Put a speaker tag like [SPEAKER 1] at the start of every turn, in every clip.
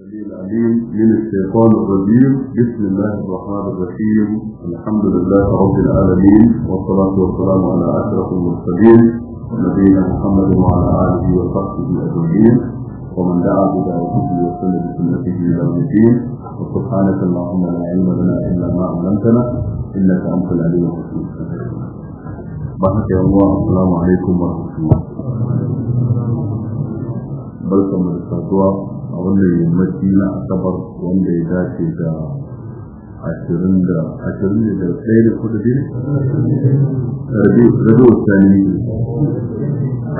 [SPEAKER 1] العليم من الشيطان الرجيم بسم الله الرحمن الرحيم الحمد لله رب العالمين والصلاة والسلام على أشرف المرسلين نبينا محمد وعلى آله وصحبه أجمعين ومن دعا بدعوته ليصل بسنته إلى يوم الدين وسبحانك اللهم لا علم لنا إلا ما علمتنا إنك أنت العليم الحكيم بارك الله السلام عليكم ورحمة
[SPEAKER 2] الله
[SPEAKER 1] بركة من الصلاة a wannan yammaci na asabar wanda ya dace da ashirin da ashirin da ɗaya da kudu ne
[SPEAKER 2] rabi usani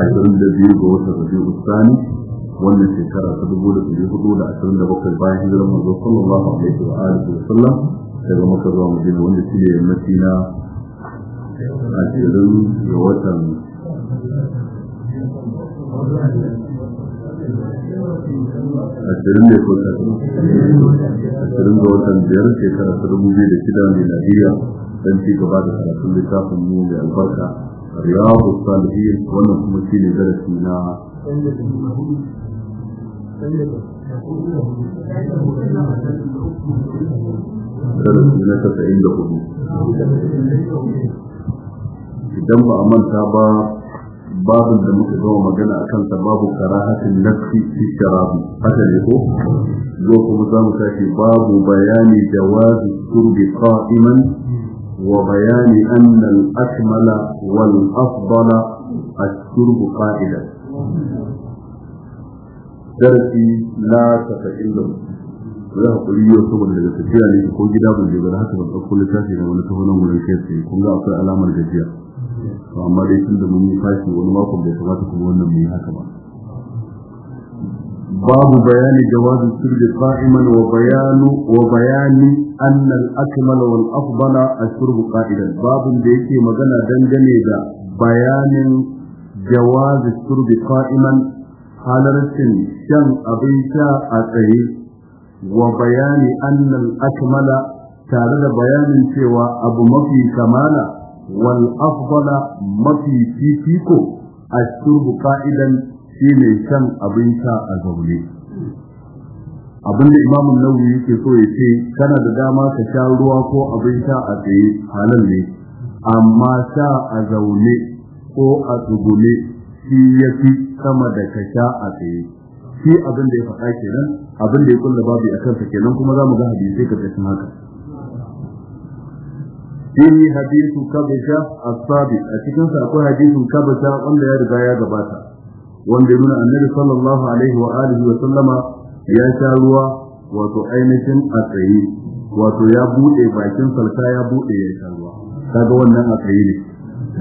[SPEAKER 1] ashirin da biyu ga watan rabi usani wannan shekara ta dubu da ɗari hudu da ashirin da bakwai bayan hijirar manzo sallallahu alaihi wa alihi wa sallam daga maka zuwa madina wanda shi ne yammaci na ashirin da watan
[SPEAKER 2] ashirin ne ko ta
[SPEAKER 1] ashirin ga watan biyar shekara ta dubu biyu da shida don ci gaba da karatun littafin mu mai albarka salihin wannan kuma shi ne darasi na darasi na tasa'in da hudu idan ba a manta ba babin da muka gama magana a kansa babu karahatin nafsi fi sharabi haka ne ko zo kuma za mu tashi babu bayani jawazi turbi qa'iman wa bayani anna al-akmala wal afdala at-turb qa'idan darasi la tafa'ilum za ka kuli yau saboda daga tafiya ne ko gida ban je ba haka ban ɗauko littafi da wani tahonan wurin kai kun ga akwai alamar gajiya to amma dai tun da mun yi fashi wani makon bai kamata kuma wannan mai yi haka ba babu bayani jawazi sirri fa'iman wa bayanu wa bayani annal akmal wal afdal ashrubu qa'idan babun da yake magana dangane da bayanin jawazi sirri fa'iman halarcin shan abin sha a tsaye wa bayani anna al-akmala tare da bayanin cewa abu mafi kamala wal afdala mafi fifiko ashurbu qa'idan shine shan abin sha a zaune abinda imam an yake so ya ce kana da dama ka sha ruwa ko abin sha a tsaye halal ne amma sha a zaune ko a tsugune shi yafi sama da ka sha a tsaye shi abin da ya faɗa kenan abin da ya kulla babu a kansa kenan kuma za mu ga hadisai karkashin haka fihi hadithu kabasha as-sabiq a cikinsa akwai hadithun kabasha wanda ya riga ya gabata wanda nuna annabi sallallahu alaihi wa alihi wa sallama ya sha ruwa wato ainihin a wato ya bude bakin salka ya bude ya sha ruwa kaga wannan a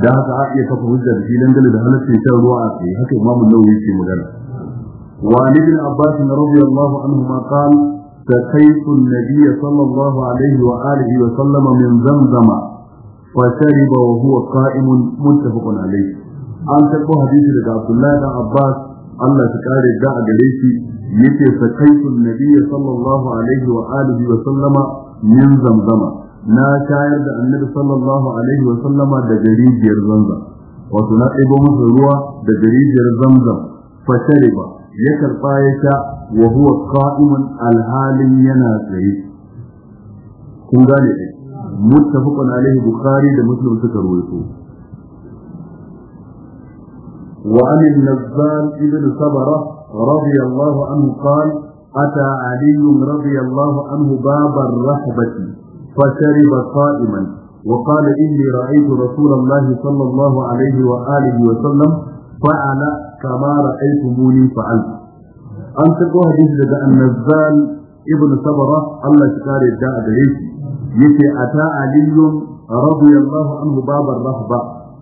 [SPEAKER 1] da haka a iya kafa hujja da filin dangane da halatta ruwa a haka magana wa ibn abbas radiyallahu anhu سقيت النبي صلى الله عليه وآله وسلم من زمزم فشرب وهو قائم متفق عليه أن تقوى حديث لك عبد الله بن عباس الله تكاري داع قليسي يتي سقيت النبي صلى الله عليه وآله وسلم من زمزم na shayar da annabi sallallahu alaihi wa sallama da jarijiyar zamzam wato na ɗebo masa ruwa da jarijiyar zamzam fa shariba ya karɓa ya sha wa huwa qa'imun alhalin yana tsaye kun gane ne muttafaqun alaihi bukhari da muslim suka rawaito wa an al-nazzal ibn sabara radiyallahu anhu qala أتى علي رضي الله عنه باب الرحبة فشرب قائما وقال إني رأيت رسول الله صلى الله عليه وآله وسلم فعل كما رأيتموني فعلت an karɓo hadisi daga annazal ibn sabara Allah ya kare da a gare shi yace ata aliyun radiyallahu anhu babar rahba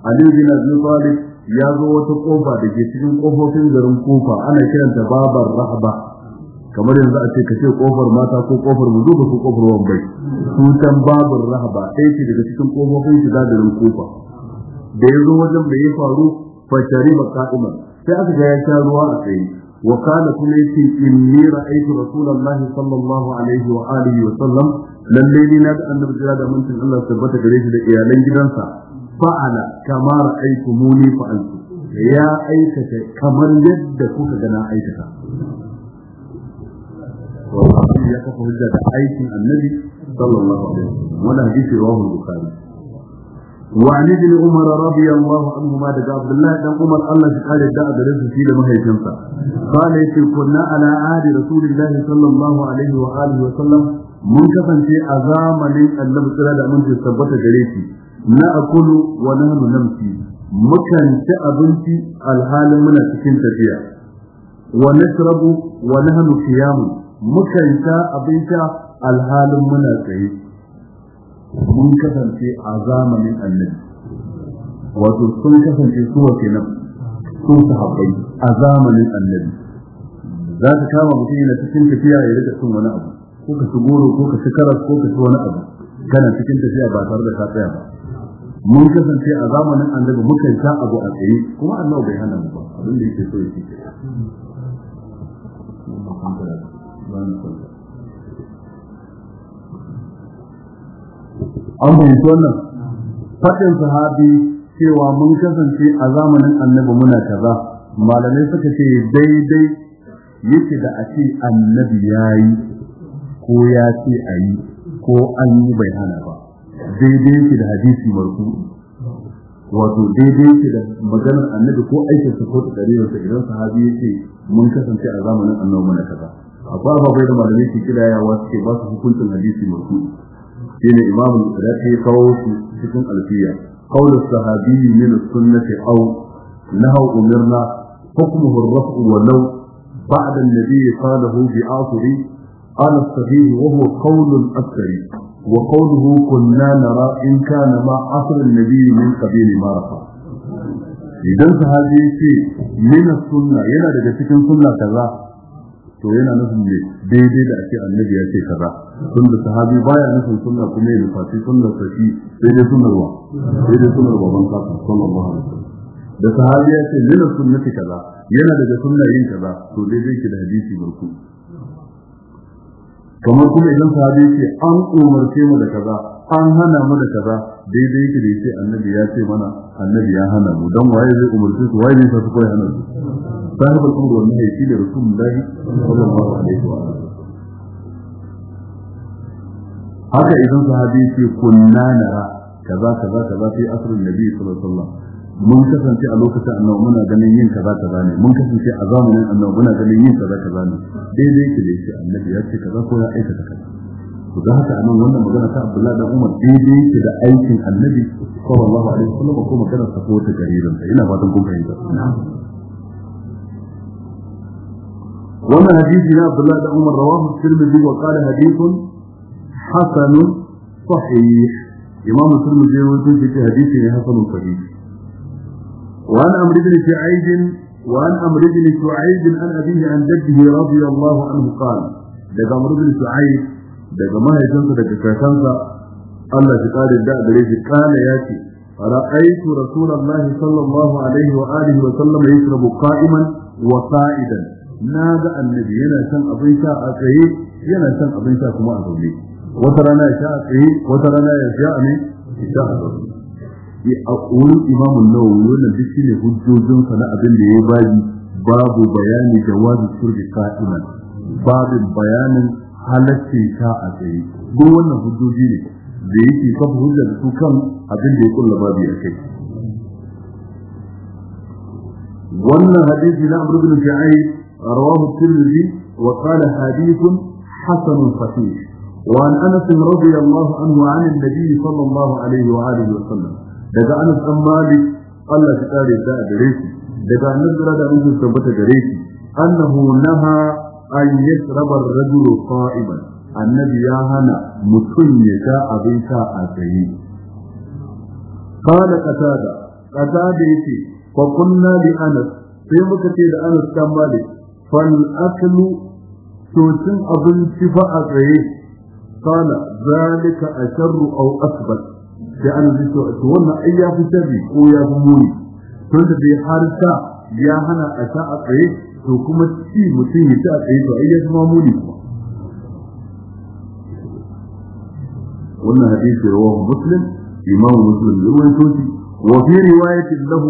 [SPEAKER 1] ali bin abi talib ya zo wata kofa da ke cikin kofofin garin Kufa. ana kiranta babar rahba kamar yanzu a ce ka ce kofar mata ko kofar mu duba ko kofar wambai tutan babar rahba ɗaya ce daga cikin kofofin shiga garin kofa da ya zo wajen bai ya faru fa shariba ka'iman sai aka ga ya sha ruwa a tsaye وقال كنيتي إني رأيت رسول الله صلى الله عليه وآله وسلم للذي نادى أن بجلاد من تن الله ثبت عليه لإيالين جدنسا فعل كما رأيتموني فعلت يا أيكة كما يدكوك جنا أيكة والله يقف هجة أيكم النبي صلى الله عليه وسلم ولا حديث رواه البخاري وعن ابن عمر رضي الله عنهما دقى عبد الله بن عمر الله تعالى دعا درس في لمهي جنسا قال يتي كنا على عهد رسول الله صلى الله عليه وآله وسلم من كفن في أزام لين أنه تعالى من تثبت جريتي نأكل ونحن نمشي مكان تأبنتي الحال من تكين تفيا ونشرب ونحن قيام مكان تأبنتي الحال من تكين mun kasance a zamanin annabi wato sun kasance su wa kenan su sahabbai a zamanin annabi za ka kama mutum yana cikin tafiya ya rika cin wani abu ko ka ci goro ko ka ci karas ko ka ci wani abu kana cikin tafiya ba tare da ka tsaya ba mun kasance a zamanin annabi mukan sha abu a tsaye kuma annabi bai hana mu ba abin da yake so yake an fahimci wannan faɗin sahabi cewa mun kasance a zamanin annabi muna kaza malamai suka ce daidai yake da a ce annabi ya yi ko ya ce a yi ko an yi bai hana ba daidai yake da hadisi marku wato daidai yake da maganar annabi ko aikin sa ko tsarewar idan sahabi yake mun kasance a zamanin annabi muna kaza akwai ababai da malamai ke kidayawa suke ba su hukuncin hadisi marku شيء إمام الإسلامي قوله سكن ألفية قول الصحابي من السنة أو نهوا أمرنا حكمه الرفع ولو بعد النبي قاله بآخر قال الصحيح وهو قول أكثر وقوله كنا نرى إن كان ما أصل النبي من قبيل ما رفع إذا في من السنة ينادى سكن سنة كذا to yana nufin ne daidai da ake annabi ya ce kaza tun da sahabi baya nufin sunna kuma ya nufaci sunnar sashi daidai dai sunarwa sai dai sunnar baban kafin sallallahu alaihi wasallam da sahabi ya ce lina sunnati kaza yana daga sunna yin kaza to daidai ki da hadisi barku kamar kuma idan sahabi ya ce an umarce mu da kaza an hana mu da kaza daidai yake da yace annabi ya ce mana annabi ya hana mu dan waye zai umarce su waye zai sa su koyi hana su صاحب الأمر والنهي إلى رسول الله صلى الله عليه وآله haka idan sahabi ce kunna nara kaza kaza kaza fi asrul nabi sallallahu alaihi wasallam mun kasance a lokacin annabi muna ganin yin kaza kaza ne mun kasance a zamanin annabi muna ganin yin kaza kaza ne daidai yake da annabi ya ce kaza ko ya aikata kaza to da haka anan wannan magana ta Abdullah da Umar daidai yake da aikin annabi sallallahu alaihi wasallam ko magana sa ko ta garirin ina fatan kun fahimta وانا حديثنا عبد الله بن عمر رواه الترمذي وقال حديث حسن صحيح امام الترمذي يقول في حديثه حسن صحيح وعن امر بن سعيد وعن امر بن سعيد عن ابيه عن جده رضي الله عنه قال daga امر بن سعيد daga ما daga kakansa Allah الله kare da بريد قال kana yace رأيت رسول الله صلى الله عليه وآله وسلم يشرب قائما وقائدا na ga annabi yana san abin sha a tsaye yana san abin sha kuma a zaune wata rana ya sha a tsaye wata rana ya sha a ne ya sha a zaune a wurin imamun nawawi wannan duk ne hujjojin sa na abin da ya bayi babu bayani da jawazi turbi qa'iman babin bayanin halaccin sha a tsaye duk wannan hujjoji ne da yake kafa hujja da su kan abin da ya kulla babu ya kai wannan hadisi na Amr ibn Shu'aib رواه الترمذي وقال حديث حسن خفيف وعن انس رضي الله عنه عن النبي صلى الله عليه واله وسلم daga Anas dan Malik Allah ya kare da gare shi daga Annabi da mun tabbata gare shi annahu naha an yashraba ar-rajulu qa'iman annabi ya hana mutum ya abin a tsaye قال قتادة قتادة يتي فقلنا لأنس sai muka ce da Anas dan Malik فالأكل توتن أبن شفاء غيه قال ذلك أشر أو أكبر لأن ذلك تولى أي في شري أو يا بموني تولى في حارسة يا هنا أشاء غيه وكما تشي مسيح شاء غيه وأي ماموني قلنا حديث رواه مسلم إمام مسلم لمن توتي وفي رواية له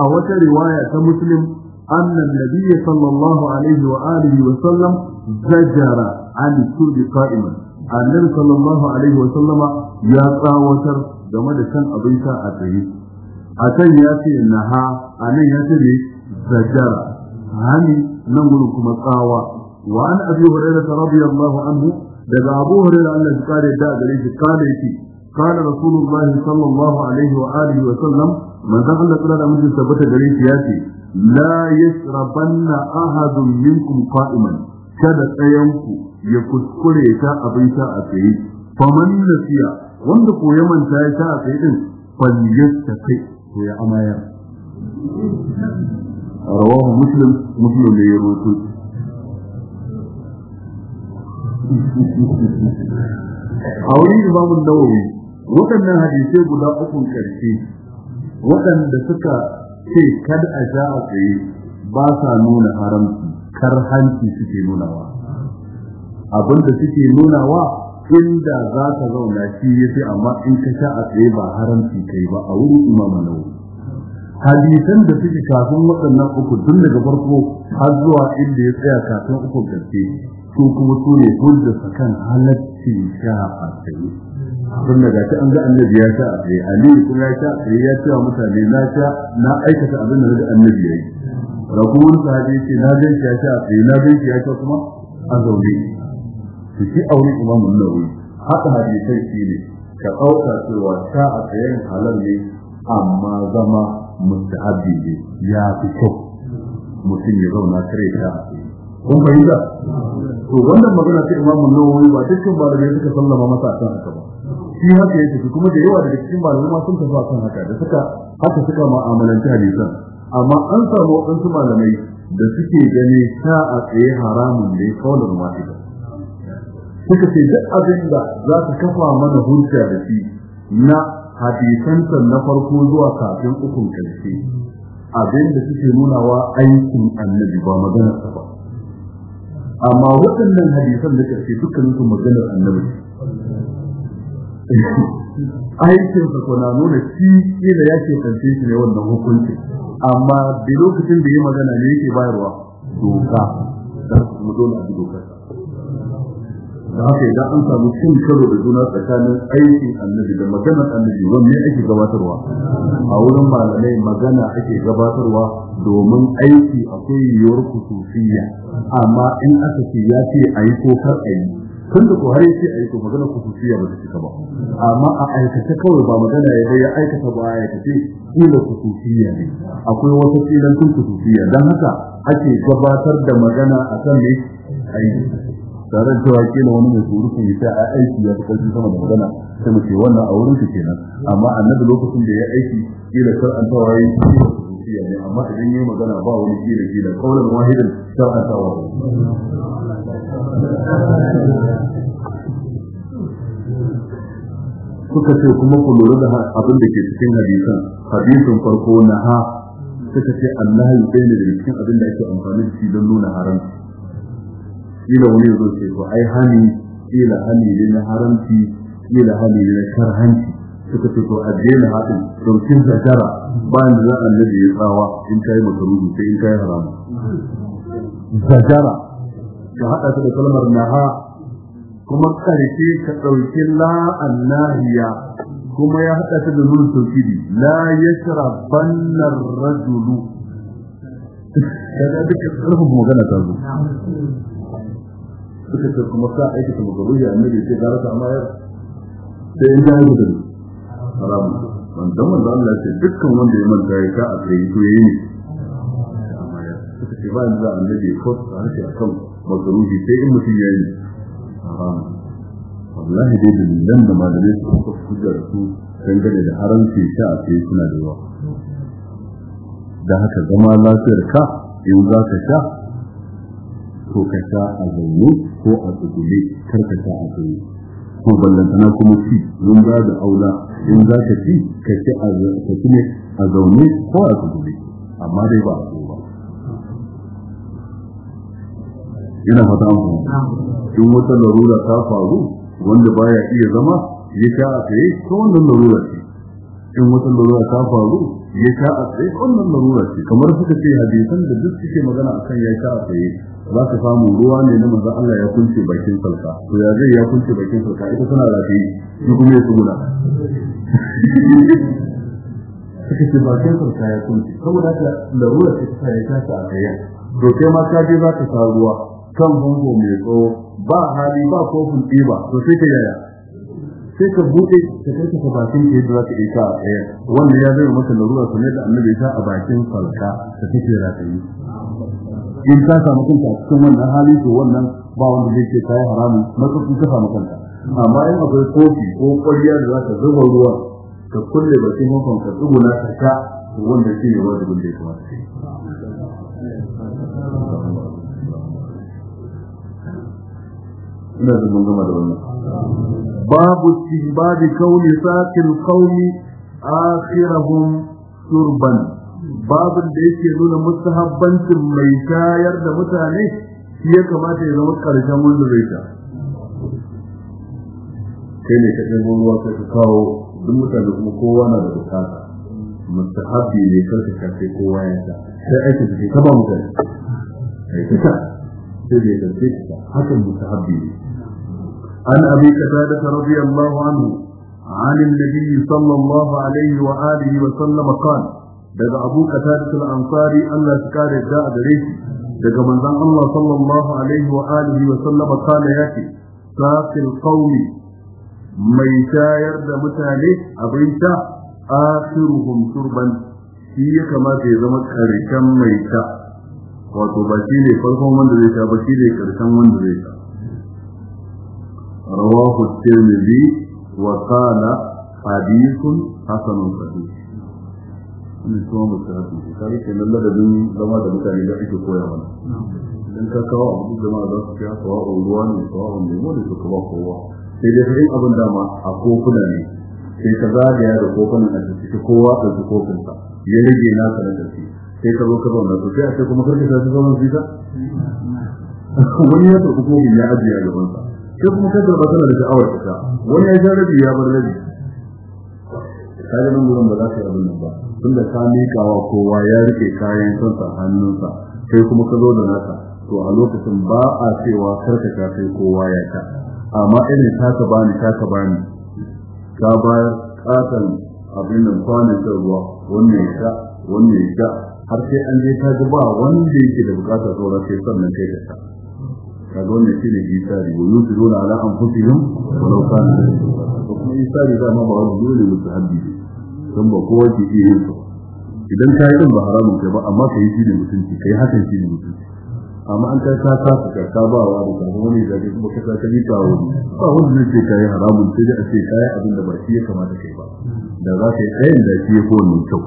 [SPEAKER 1] أو رواية مسلم أن النبي صلى الله عليه وآله وسلم زجر عن الشرب قائما النبي صلى الله عليه وسلم يا قاوتر game da shan abin sha a tsaye a can ya ce naha a nan ya ce ne zajara hani nan gudun kuma tsawa wa an abi hurairah radiyallahu anhu daga abu hurairah Allah ya kare da gare shi kare shi kana rasulullahi sallallahu alaihi wa sallam manzon Allah tsara da mutum tabbata gare shi ya la yashrabanna ahadun minkum qa'iman kada tsayanku ya kuskure ya ta abin sha a tsaye faman nasiya wanda ko ya manta ya ta a tsaye din falyasta kai to ya amayar rawahu muslim muslim ya a wurin waɗannan hadisai guda ukun karshe waɗanda suka ce kad a sha a tsaye ba sa nuna haramci kar hanci suke nunawa abinda suke nunawa inda za ka zauna shi ya fi amma in ka sha a tsaye ba haramci kai ba a wurin imama na hadisan da suke kafin waɗannan uku tun daga farko har zuwa inda ya tsaya kafin uku gaske su kuma su ne hujjarsa kan halaccin sha a tsaye sun da ta an ga annabi ya sha a eh, tsaye aliyu kuma ya sha a eh, tsaye ya cewa mutane na sha na aikata abin da na ga annabi ya yi rabu wani sahabi ya ce na gan ya sha a eh, tsaye na gan ya sha kuma a zaune su ci aure kuma mun nawawi haka hadisai shi ne ka ɗauka cewa sha a tsayen halal ne amma zama mustahabi ne ya fi kyau mutum ya zauna kare ta a kun fahimta to wannan magana ta imamun nawawi ba dukkan malamai suka sallama masa a kan haka ba shi haka ya tafi kuma da yawa daga cikin malamai sun tafi a kan haka da suka haka suka ma'amalanci hadisan amma an samu waɗansu malamai da suke gani ta a tsaye haramun ne kaunar wahida suka ce duk abin da za ka kafa mana hujja da shi na hadisansa na farko zuwa kafin ukun karshe abin da suke nunawa aikin annabi ba magana ba amma waɗannan hadisan da karshe dukkanin su maganar annabi aikinsa ko na nuna shi kila ya ke kance shi ne wannan hukunci amma da lokacin da ya magana ne yake bayarwa doka da mu dole a doka da haka idan an samu cin karo da juna tsakanin aikin annabi da maganar annabi wanne ake gabatarwa a wurin malamai magana ake gabatarwa domin aiki akwai yiwuwar kusurfiya amma in aka ce ya ce a yi ko kar a yi tun da ko har yake aiko magana ku kusiya ba take ba amma a aikace kawai ba magana ya ya aikata ba ya tafi kila ku kusiya ne akwai wata filan sun ku kusiya dan haka ake gabatar da magana akan ne aiki tare da cewa kila wani mai surutu yi sa aiki ya kalli sama da magana sai mu ce wannan a wurin kenan amma annabi lokacin da ya aiki kila kar an tawaye ku kusiya ne amma idan yayi magana ba wani kila kila kaulan wahidan shar'atawa suka ce kuma ku lura da abin da ke cikin hadisan hadisin farko na ha suka ce Allah ya bayyana da cikin abin da ake amfani da shi don nuna haramci kila wani yazo ce ko ai hani kila hani ne na haramci kila hani ne na karhanci suka ce ko addini hadin dokin zakara bayan da za a nabi ya tsawa in kai makaruhi sai in yi haramu zakara ka haɗa su da kalmar naha kuma ƙarfe ka ɗauki la annahiya kuma ya haɗa ta da nun tauhidi la yashrabanna ar-rajulu
[SPEAKER 2] kaga duk karfin magana ta zo
[SPEAKER 1] suka ce kuma sa aiki ta magaruri a annabi sai gara ta amayar sai in yayi gudu haramu wanda wanda Allah ce dukkan wanda ya manta ya ka a kai to yayi ne suka ce ba a annabi ko ta harshe akan makaruhi sai in mutum ya yi haram wallahi dai dalilan da malamai su suka da su dangane da haramci sha a kai suna da yawa da haka zama lafiyar ka in za ka sha ko ka sha a zaune ko a tsugule kar ka sha a zaune ko ballantana kuma ci mun za da aula in za ka ci ka ci a zaune ko a tsugule amma dai ba a ina fata mu in wata larura ta faru wanda baya iya zama ya sha a tsaye ta wannan larura ce in wata larura ta faru ya sha a tsaye ta wannan larura ce kamar suka ce hadisan da duk suke magana akan ya sha a tsaye za ka samu ruwa ne na manzon Allah ya kunce bakin salka to ya zai ya kunce bakin salka ita tana rafi shi kuma ya tsuguna suka ce bakin salka ya kunce saboda haka larura ce ta ya sha a tsaye to kai ma ka je za ka sa ruwa kan bango mai tsawo ba hali ba kofin ɗiba to sai ka yaya sai ka buɗe ka kai ka bakin ka yadda za ka isa a tsaye wanda ya zai maka larura su ne da annabi isa a bakin falka ka kake rataye in ka samu kanka cikin wannan hali to wannan ba wanda zai ce kayi haramun matsatsin ka samu kanka amma in akwai kofi ko kwalliya da za ka zuba ruwa ka kulle bakin hankon ka tsuguna ka sha wanda ke yi wajen da ya kamata ina zaman mun gama da wannan babu istihbab kauni saqil qawmi akhirahum turban babin da yake nuna mustahabbancin mai shayar da mutane shi ya kamata ya zama karshen wanda zai kai ne ka ɗin ruwa ka kawo duk mutane kuma kowa na da bukata mustahabi ne karka kowa ya sa sai aiki da mutane sai da ya karfe ta hakan mustahabi ne عن أبي قتادة رضي الله عنه عن النبي صلى الله عليه وآله وسلم قال دقى أبو قتادة الأنصاري ألا تكاد الداء دريك دقى من ذن الله صلى الله عليه وآله وسلم قال ياتي ساق القوم ميتا يرد متالي أبيتا آخرهم شربا shi ya kamata ya zama karshen mai ta wato ba shi ne farkon wanda zai ta ba shi ne karshen wanda zai ta رواه الترمذي وقال حديث حسن صحيح ne kuma mustahabi ne kai ke nan da zama da mutane da ake koya mana idan ka kawo abu jama'a za su kiya sawa'un ruwa ne sawa'un lemo ne suka ba kowa sai dai sai abin da a kofuna ne sai ka zagaya da kofunan a cikin kowa da kofin sa ya rage na ka na tafi sai ka zo ka zauna to sai a ce kuma karka sa su zama zita wani ya tafi kofin ya ajiye a sai kuma kadar ba tana da sha'awar ta wani ya sha rabi ya bar rabi kaga nan gurin ba za ka yi abin nan ba tunda ka miƙawa kowa ya rike kayan sansa hannunsa sai kuma ka zo da nasa, to a lokacin ba a cewa ka sai kowa ya ta amma irin taka bani taka bani ka bayar katon abin nan kwanan ruwa wannan ya sha wannan ya sha har sai an je ta ji ba wanda yake da bukatar sauran sai sannan kai ka ta. kaga wannan shi ne isari wa yusiruna ala anfusihim walau kana to kuma isari za ma ba wani ne wata mustahabbi ne don ba kowa ke iya yin su idan ka yi din ba haramun kai ba amma ka yi shi ne mutunci ka yi hakan shi ne mutunci amma an kai ta ka ka ka ba wa da kan wani da ke kuma ka ka yi ta tawo ba wanda ne ce kai haramun sai da a ce kai abin da ba shi ya kamata kai ba da za ka yi tsayin da shi ya ko ne kyau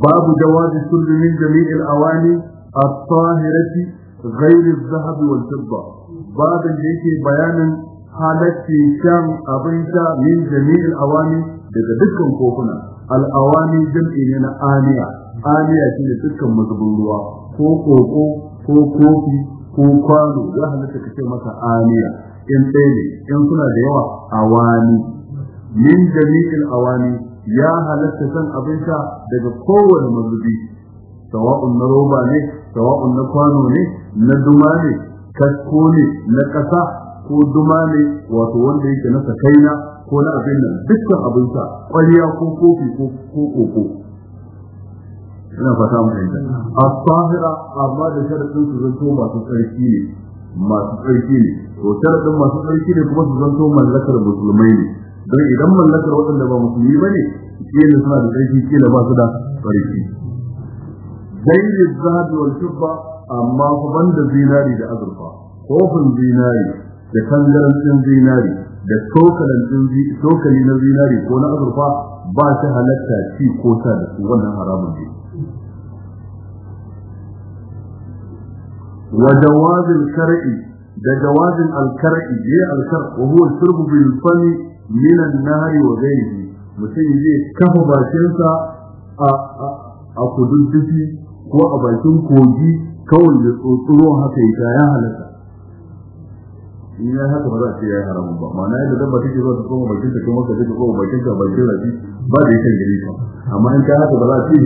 [SPEAKER 1] babu jawabi kullu min jami'il awani at-tahirati غير الذهب والفضة بعد yake bayanin halatti shan abin sha min jami'in awani daga dukkan kofuna al'awani jam'i ne na aniya aniya shi ne dukkan mazubin ruwa ko koko ko kofi ko kwano ya halatta kace masa aniya in ɗaya ne in suna da yawa awani min jami'in awani ya halatta san abin sha daga kowane mazubi sawa'un na ne sawa'un na kwano ne na duma ne kasko ne na ƙasa ko duma ne wato wanda yake na sakaina ko na abin nan dukkan abin sa, ƙwarya ko kofi ko koko
[SPEAKER 2] ina fata mu fahimta
[SPEAKER 1] A sahira amma da sharadin su zanto masu tsarki ne masu tsarki ne to sharadin masu tsarki ne kuma su zanto mallakar musulmai ne don idan mallakar waɗanda ba musulmi ba ne kila suna da tsarki kila ba su da tsarki Za'idaitu zaɓiwar shuka, amma kuma ban da zinari da azurfa, kofin zinari, da tangarancin zinari, da cokali na zinari ko na azurfa, ba sa halatta cewa ko sa da wannan haramun ne. Daga wajen alƙalƙi, jiya alƙalƙi muhuwar shirme bin fanni milan gari mutum zai kafa bakinsa a kudin duki. ko a bakin kogi kawai da tsotsuro haka ya ta ya halatta in ya haka ba za a ce ya yi haramu ba ma'ana yadda dabba take zuwa ta koma bakin ta kuma ka ta koma bakin ta bakin rafi ba da yake gari ta amma in ta haka ba za a ce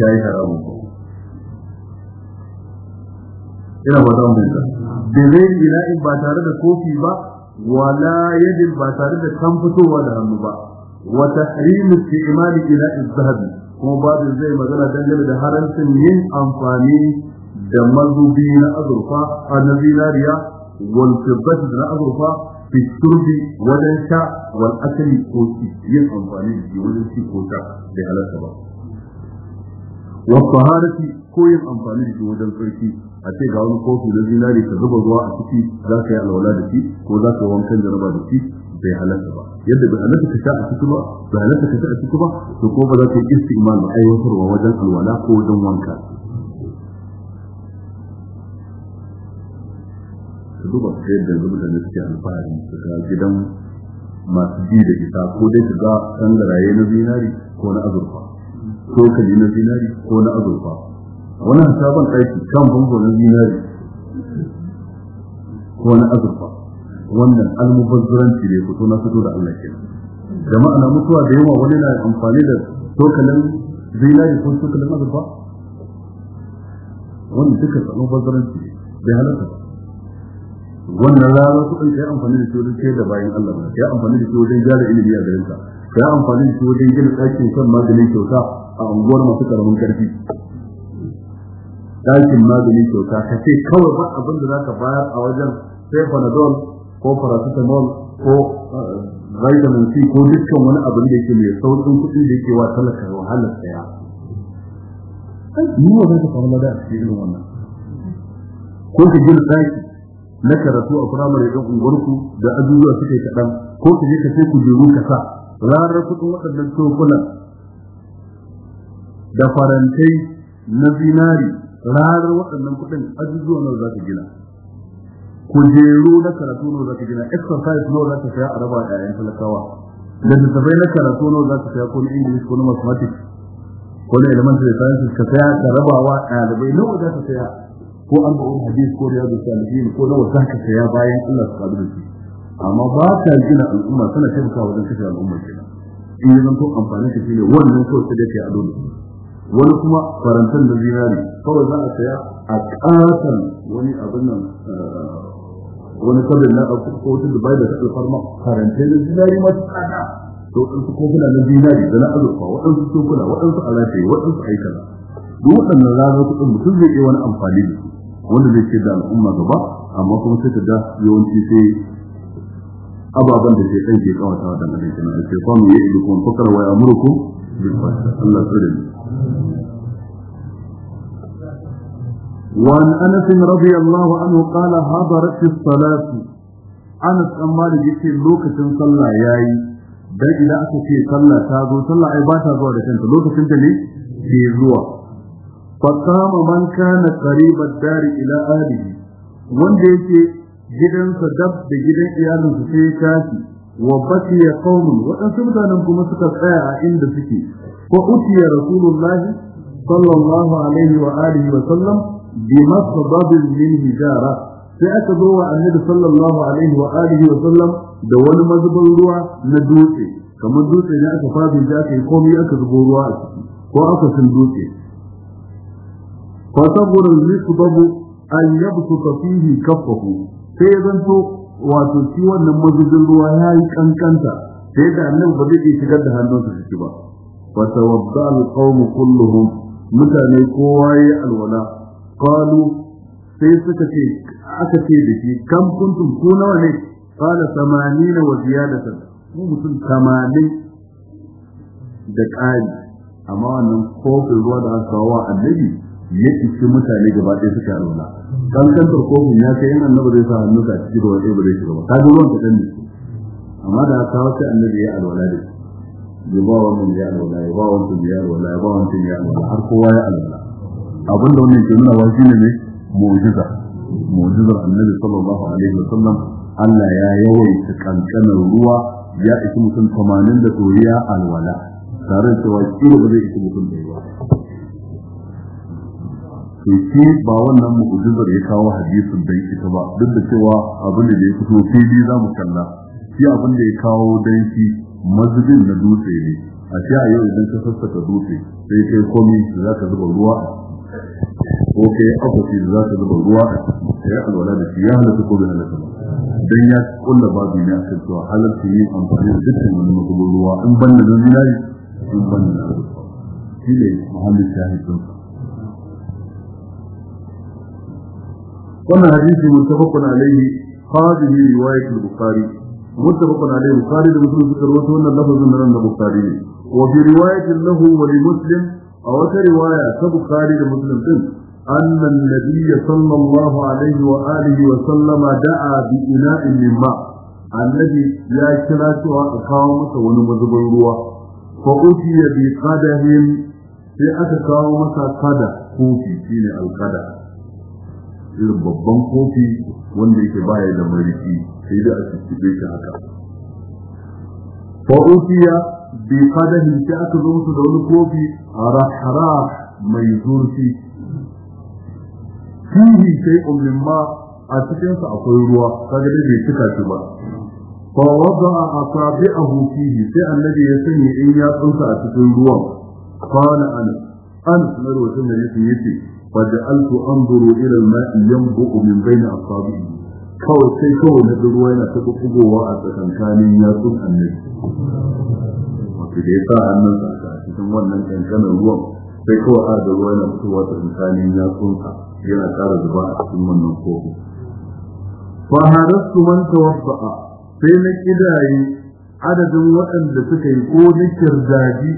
[SPEAKER 1] ya yi haramu ba ina ba za mu da zai in ba tare da kofi ba wala yadin ba tare da kan fitowa da hannu ba Wata wa tahrimu ina in zahabi kuma babin zai magana dangane da harancin yin amfani da mazubi na azurfa a na zinariya wal da na azurfa fi turbi wajen sha wal asali ko ci yin amfani da wajen ci ko sha bai halatta ba wa taharati ko yin amfani da wajen sarki a ce ga wani kofi na zinari ka zuba ruwa a ciki za ka yi alwala da shi ko za ka wankan jaraba da shi bai halatta ba yadda bai halatta ka sha a ciki ba bai halatta ka sha a ciki ba to ko ba za ka yi istimal ba aiwatarwa wajen alwala ko wajen wanka ka duba ka yadda yanzu mutane suke alfahari su ga gidan masu ji da ita ko dai ka ga sangaraye na zinari ko na azurfa ko kali na zinari ko na azurfa wani hasaban ɗaki kan bango na zinari ko na azurfa wannan almubazzuranci ne fito na fito da Allah ke. jama'a na mutuwa da yawa wani na amfani da tokalin zinari ko tokalin azurfa wannan duka almubazzuranci ne bai halatta wannan rana su kai amfani da shi wajen da bayan Allah ba Ya amfani da shi wajen gyara ilimi a garinka kai amfani da shi wajen gina ɗakin kan maganin kyauta a unguwar masu karamin ƙarfi. ɗakin maganin kyauta ka ce kawai ba abin da za ka bayar a wajen sai panadol ko paracetamol ko eh, vitamin C ko dukkan wani abu da yake mai saurin kuɗi da yake wa talaka wahalar saya ni ne zai faru da a cikin irin wannan ko ka gina ɗaki na karatu a firamare don unguwarku da azuzuwa suka yi kaɗan ko ka je ka sai ku jeru ka sa ranar kuɗin waɗannan cokulan da farantai na zinari ranar waɗannan kuɗin azuzuwa nawa za ka gina kujeru na karatu nawa zaka gina exercise nawa za ka saya a raba da yayin talakawa da littattafai na karatu nawa za ka saya ko na english ko na mathematics ko na elementary sciences ka saya ka rabawa ɗalibai nawa za ka saya ko an ba ba'un hadis ko riyadu salihin ko nawa za ka saya bayan allah su kalu da amma ba ta gina al'umma tana taimakawa wajen kashe al'umma kenan in yi zanto amfani da shi ne wannan kawai sai da ke a dole. wani kuma farantan da zinari kawai za a saya a ƙasan wani abin nan eh, wani sabon na abu ko wata dubai da suke farma karantai da zinari masu tsada to waɗansu kofuna na zinari da na azurfa waɗansu cokula waɗansu alatai waɗansu aikala duk waɗannan ranar kuɗin mutum zai iya wani amfani da su wanda zai ce da al'umma gaba amma kuma sai ta da yawanci sai ababen da ke ɗan ke kawata wa dangane kenan sai kwamu ya ilu kuma fakar wa ya murku
[SPEAKER 2] Allah
[SPEAKER 1] tsare mu وعن أنس رضي الله عنه قال حضرت الصلاة أنس أمال جئت لوكة صلى ياي dan idan aka ce sallah ta zo sallah ai ba ta zuwa da kanta lokacin da ne ke zuwa fa qama man kana qariba dar ila alihi wanda yake gidansa dab gidan iyalinsa sai ya tashi wa ya qaumun waɗansu mutanen kuma suka tsaya a inda suke fa utiya rasulullahi sallallahu alaihi wa sallam bima sababin min hijara sai aka zo wa annabi sallallahu alaihi wa alihi wa sallam da wani mazubin ruwa na dutse kamar dutse ne aka fadi da aka yi aka zubo ruwa a ciki ko aka sun dutse fa sabrun babu an yabsuta fihi kaffahu sai zanto wato shi wannan mazubin ruwa ya yi kankanta sai da annabi ba zai shigar da hannunsa ciki ba fa tawadda al-qawm kulluhum mutane kowa yayi alwala qalu sai suka ce aka ce da shi kam kuntum ku nawa ne samani na 80 wa ziyadatan mu mutum samani da ƙari amma wannan kofin ruwa da aka kawo annabi ya ishi mutane gaba ɗaya suka Kan kankantar kofin ya kai yana annabi zai sa hannu ga ciki da wani ba zai shiga ba ka ji ruwan kaɗan ne amma da aka kawo sai annabi ya alwala da ya ba wannan ya alwala ya ba wancan ya alwala ya ba wancan ya alwala har kowa ya alwala abin da wannan ke nuna wa shine ne mu'jiza mu'jizar annabi sallallahu alaihi wa sallam Allah ya ta kankanar ruwa ya isi mutum tamanin da tsoriya alwala tare da cewa kila ba zai isi mutum da yawa to shi ba wannan mu'jizar ya kawo hadisin dan ita ba duk da cewa abin da ya fito fili za mu kalla shi abin da ya kawo dan shi mazubin na dutse ne a shi a yau idan ka sassaka dutse sai kai komi za ka zuba ruwa ko ke yi akwafi da za ta zuba ruwa ta yi alwala da shi ya halatta ko bai halatta ba dan ya kulla babu na kan cewa halatta yin amfani da dukkan wani mazubar ruwa in ban da zan yi in ban da zan shi ne muhammad shahidin wannan hadisi muttafaqun alayhi hadhihi riwayat al-bukhari muttafaqun alayhi bukhari da muslim suka rawaito wannan lafazin nan da bukhari ne wa bi riwayatin lahu wa li muslim a wata riwaya ta bukhari da muslim din أن النبي صلى الله عليه وآله وسلم دعا بإناء من ماء الذي لا كلاته أقامة ونمذب الروا فأتي بقده في أتقامة قده كوفي فين القده irin babban kofi wanda yake baya da mariki sai da a cikin haka fa'ufiya bi qadahin sai aka zo musu da wani kofi rahrah mai zurfi fihi shay'un mimma a cikin sa akwai ruwa kaga dai bai cika shi ba fa wada'a asabi'ahu fihi sai annabi ya sanya in ya tsunta a cikin ruwan qala ana an sanar wa sunna yace yace fa ja'altu anzuru ila al-ma'i yanbu min bayni asabi'i kawai sai kawai na ruwa yana ta bugowa a tsakankanin yatsun annabi da ya sa hannunsa a cikin wannan kankanin ruwan sai kawai a da ruwa yana fitowa da na yatsunsa yana ƙara zuba a cikin wannan kofi fa harastu man tawaffa'a sai na kidaye adadin waɗanda suka yi ko nikir daji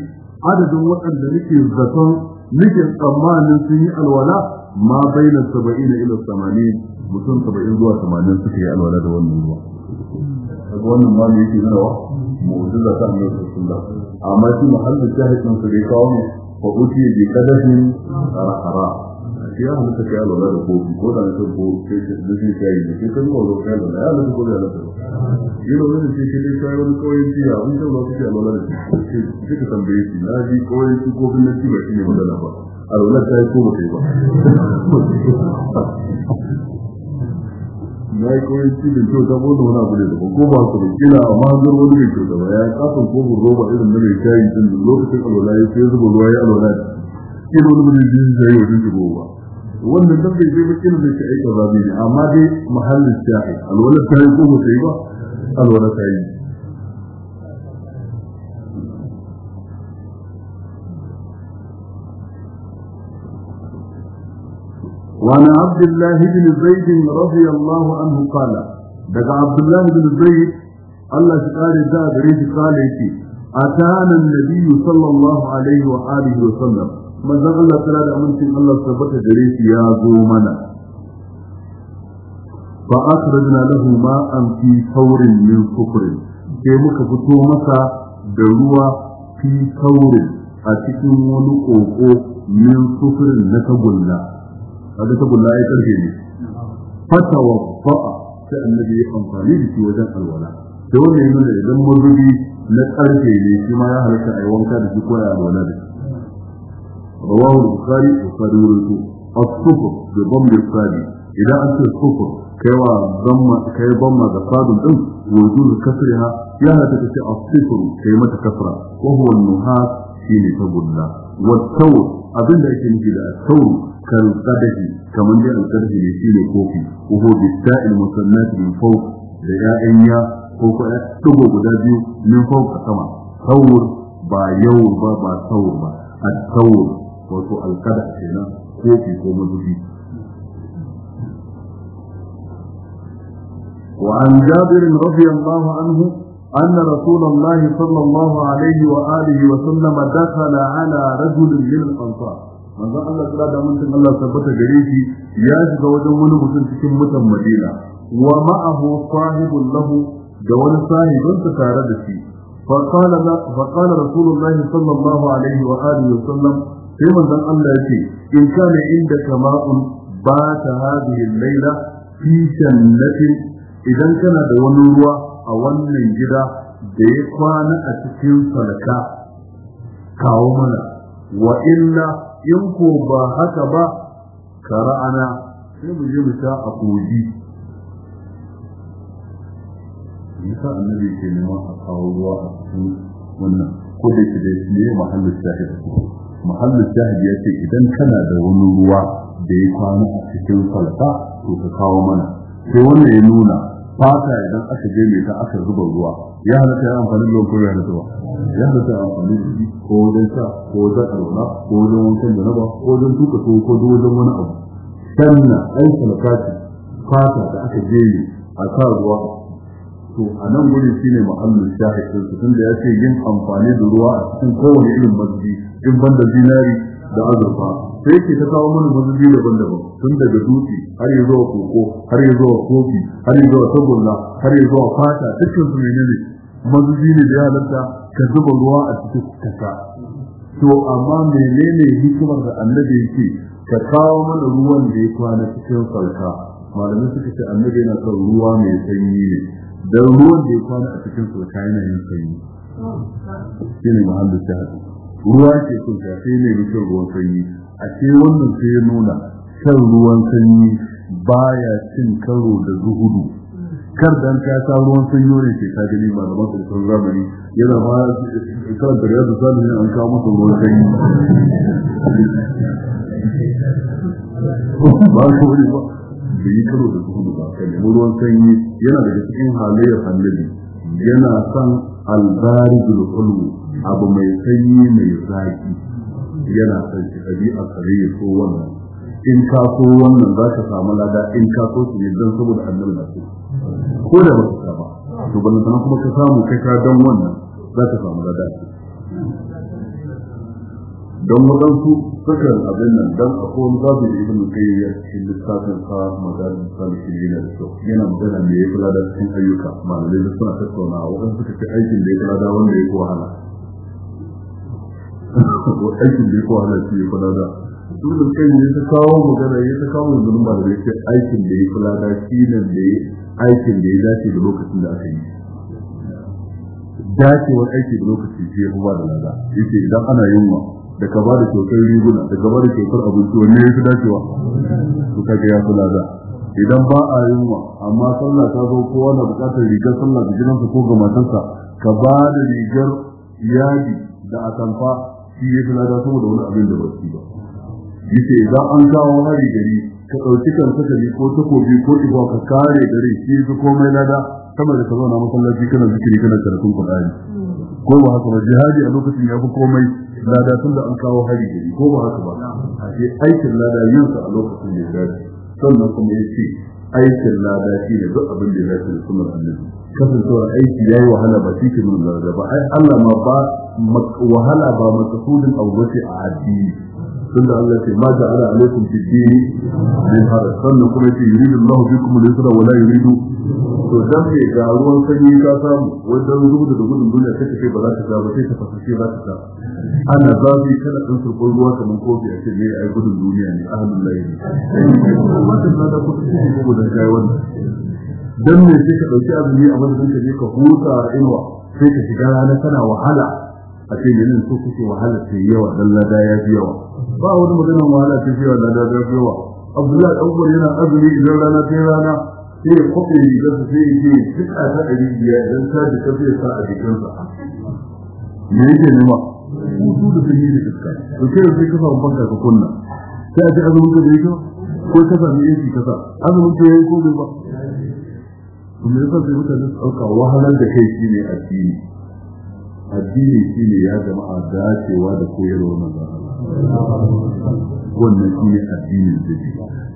[SPEAKER 1] adadin waɗanda nake zaton nake tsammanin sun yi alwala ma baina da ila samani, mutum saba'in zuwa samanin suka yi alwala da wannan ruwa. Daga wannan ma me yake nuna mu'jiza ta annabi sallallahu alaihi wasallam amma shi muhammad shahidin su dai kawo ne fa uti bi qadahin rahara shi ya halitta kai Allah da kofi ko da ta ko sai ta dubi kai ne sai kan wallo kai Allah ya halitta ko da Allah shi ne wani shi dai kai wani koyi shi ya mun tabbata shi Allah da shi shi ka tambaye shi na ji koyi ta ko ba ba ya yi kawai da kyau ta bota wani abu ne daban ko ba su da kila a mahangar wani mai kyau daban ya yi kasan kofin roba irin na mai shayi din lokacin alwala ya sai zuba ruwa ya alwala da kila wani mai jin shayi wajen shigo ba wannan dan bai bai kila shi aika zabi ne amma dai mahallin shayi alwala ta yi ko ba ta yi ba alwala ta yi وعن عبد الله بن زيد رضي الله عنه قال دقى عبد الله بن زيد الله تعالى ذا بريد قال أتانا النبي صلى الله عليه وآله وسلم ما ذا الله تعالى أمنتم الله ثبت جريس يا زومنا فأخرجنا له ماء في ثور من صفر sai muka fito masa da ruwa fi saurin a cikin wani ƙoƙo min sufurin na tagulla ta gulla ya karfe ne fata wa fa'a sai annabi ya amfani da shi wajen alwala da wannan yana da idan mazubi na karfe ne shi ma ya halatta a yi wanka da shi ko ya alwala da shi rawahu bukhari wa bukhari wurinsu as-sufur da dhammi da sadi idan an ce sufur kaiwa dhamma kai dhamma da sadun din wujud kasriha ya hada ta ce as-sufur kai mata kasra wa huwa shi ne ta gulla. wa tawr abinda yake nufi da tawr كالقدح كمن جاء القدح يشيل كوفي وهو بالتاء المثنات من فوق ليائيا فوق تبو بدابيو من فوق السماء ثور با يور با با ثور با الثور وهو القدح هنا كوفي كو وعن جابر رضي الله عنه أن رسول الله صلى الله عليه وآله وسلم دخل على رجل من الأنصار manzon Allah kira da mun Allah tabbata gare shi ya shiga wajen wani mutum cikin mutan Madina wa ma'ahu sahibun lahu da wani sahibin sa tare da shi fa qala la fa qala sallallahu alaihi wa alihi wa sallam sai manzon Allah yace in kana inda kama'un ba ta hadhihi al-laila fi jannatin idan kana da wani ruwa a wannan gida da ya kwana a cikin salka kawo mana wa illa in ko ba haka ba ana sai mu je mu ta a kogi nisa annabi ke neman a kawo ruwa a cikin wannan ko da ke da ne mahallin shahid mahallin shahid ya ce idan kana da wani ruwa da ya kwana a cikin salfa to ka kawo mana sai wannan ya nuna fata idan aka je mai ta aka zuba ruwa ya halatta ya amfani da ko ya halatta ba ya halatta amfani da shi ko wajen sa ko wajen alwala ko wajen wancan da raba ko wajen tuka so ko wajen wani abu sannan ai salakati fata da aka jeri a sa ruwa to a nan guri shine ma'allin shahidin su tunda ya ce yin amfani da ruwa a cikin kowane irin mazubi in ban da zinari da azurfa sai ke ta kawo mana mazbi daban-daban tun daga dutse har yi zuwa koko har yi zuwa kofi har yi zuwa tagulla har yi zuwa fata cikin su ne mazubi ne da ya halatta ka zuba ruwa a cikin kasa to amma menene hikimar da annabi yake ka kawo mana ruwan da ya kwana cikin salka Malamin suka ce annabi yana son ruwa mai sanyi ne da ruwan da ya kwana a cikin salka yana yin sanyi shine mahallin shahadi ruwa ke son ta sai ne mutum ruwan sanyi a ce wannan sai ya nuna shan ruwan sanyi baya cin karo da zuhudu kar da ta sa ruwan sanyo ne ke ka gani ba zaman sun zamani yana ma kan da yadda zuwa ne an kawo musu ruwan sanyi
[SPEAKER 2] ba ko
[SPEAKER 1] ne ba da yi karo da su ba ka nemi ruwan sanyi yana daga cikin halayyar annabi yana san albaridul qulub abu mai sanyi mai zaki yana san shi abi a kare ko wannan in ka so wannan za ka samu lada in ka so su ne don saboda hannun na so ko da ba su ba to ban sanan kuma ka samu kai ka don wannan za ka samu lada don waɗansu sukan abin nan don a kowane zaɓi da ibn kayyar cikin lissafin sa maganin salihin yana da kyau yana magana da ya fi lada cikin ayyuka malamai da suna tattauna a waɗansu suka ce aikin da ya fi lada wanda ya fi wahala aikin da ya ko wahala shi ya kula da dole kai ne ta kawo magana ya ta kawo maganin ba da ya ce aikin da ya kula da shi ne da ya aikin da ya dace da lokacin da aka yi dacewar aiki da lokacin shi ya fi ba da lada yake idan ana yunwa da ka ba da kyautar riguna da ka ba da kyautar abinci wanne ya fi dacewa to kaga ya fi lada idan ba a yunwa amma sallah ta zo kowa na bukatar rigar sallah da gidansa ko ga matansa ka ba da rigar yadi da atamfa shi ya fi lada saboda wani abin da ba su ba yace za an kawo hari gari ka ɗauki kan sakali ko takobi ko igwa ka kare gari shi ji komai lada sama da ka zauna masallaci kana zikiri kana karatun Qur'ani ko ba haka ba jihadi a lokacin ya fi komai lada tun da an kawo hari gari ko ba haka ba a ce aikin lada yin sa a lokacin da ya sannan kuma ya ce aikin lada shi ne duk abin da ya dace da sunan annabi kasancewar aiki ya yi wahala ba shi ke nuna lada ba ai Allah ma ba wahala ba matsudin abu a addini tun da Allah ce ma da ala alaikum fi dini min haraj sannan kuma yace yuridu to dan ke ga ruwan sanyi ka samu wajen rubuta da gudun duniya kake kai ba za ka ba sai ka fasashe za ka ta ana zafi kana dan surkon ruwa kaman kofi a ce ne ai gudun duniya ne ahadullahi wannan na da kudi ne ko da kai wannan dan ne sai ka dauki azumi a wannan ka je ka huta a inuwa sai ka shiga rana kana wahala a ce yanin so kuke wahala ta yi yawa dan lada ya fi yawa ba wani maganar wahala ta fi yawa lada ya fi yawa abdullahi ɗan'uwar yana azumi idan rana ta rana sai ya kwaɓe rigar su sai ya ce duk a ta ɗari biyar idan ta jika zai sa a jikinsa me yake nema hutu da ta sanyi da iska to sai sai ka samu banka ka kunna sai a ji azumin ka da ya ko ka samu yanki ka kasa. azumin ka yayi ko bai ba kuma yasa sai mutane su ɗauka wahalar da kai shine addini addini shi ne ya jama'a dacewa da koyarwar Allah. wannan shi ne addinin da shi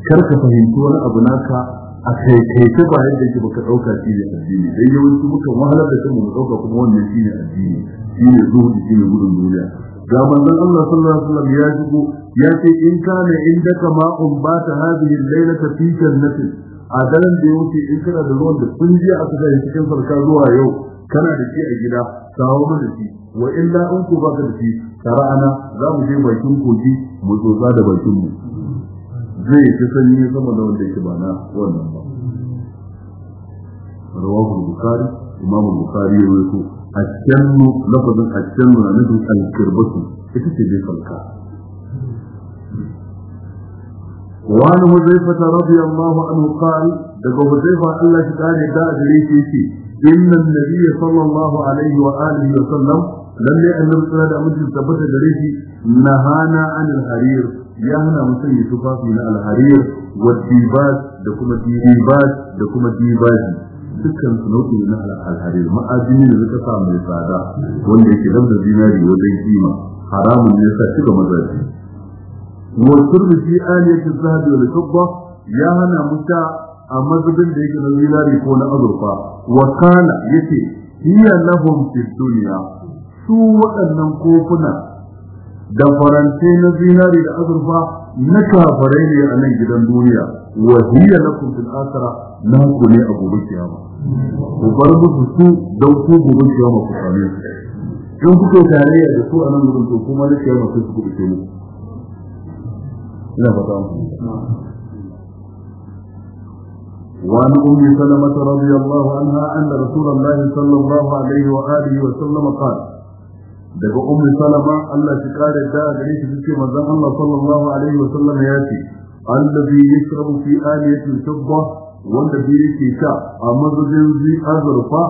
[SPEAKER 1] kar ka fahimci wani abu naka a kai kai ta ba yadda yake baka dauka shi ne addini dan yawanci muka wahalar da kanmu mu dauka kuma wannan shi ne addini shi ne zuhudi shi ne gudun duniya ga manzon Allah sallallahu alaihi wasallam ya shigo ya ce in kana indaka ma'un ba ta hadhihi al-lailata fi jannatin a daren da ya wuce in kana da ruwan da kun je aka ga cikin farka zuwa yau kana da shi a gida kawo mu da shi wa in la an ku baka da shi tara ana za mu je bakin kogi, mu zo za da bakin mu zai yi ta sanyi sama da wanda yake ba na wannan ba rawahu bukari imamu bukari ya ko, a cikinmu lafazin a cikinmu na nufin alkirbatu ita ce dai bai falka وعن حذيفة رضي الله عنه قال: "لقد حذيفة الله تعالى دار ليش يشي" إن النبي صلى الله عليه وآله وسلم لم يأمر صلى الله عليه وسلم ثبت جريسي نهانا عن الحرير يهنا مسيح تفافينا الحرير والديبات دكما ديبات دكما ديبات dukkan su na alharir ma'adini da suka sa mai tsada wanda yake dan da zinari wajen kima haramun ne sa shiga mazaji wa turbi fi aliyati zahabi wal fidda ya hana muta a mazubin da yake na zinari ko na azurfa wa kana yake hiya lahum fid dunya su waɗannan kofuna da farante na zinari da azurfa na kafarai ne a nan gidan duniya wa hiya lakum fil akhirah na ku ne a gobe kiyama ku bar musu su don ku gobe kiyama ku same su in tarayya da su a nan gurin to kuma na kiyama sai su kuɓuce muku ina fata وعن أم سلمة رضي الله عنها أن رسول الله صلى الله عليه وآله وسلم قال daga ummi salama Allah shi kare da gare shi suke manzon Allah sallallahu alaihi wasallam ya ce allazi yashrabu fi aliyati fidda wanda bi yake sha a mazajin zi azurfa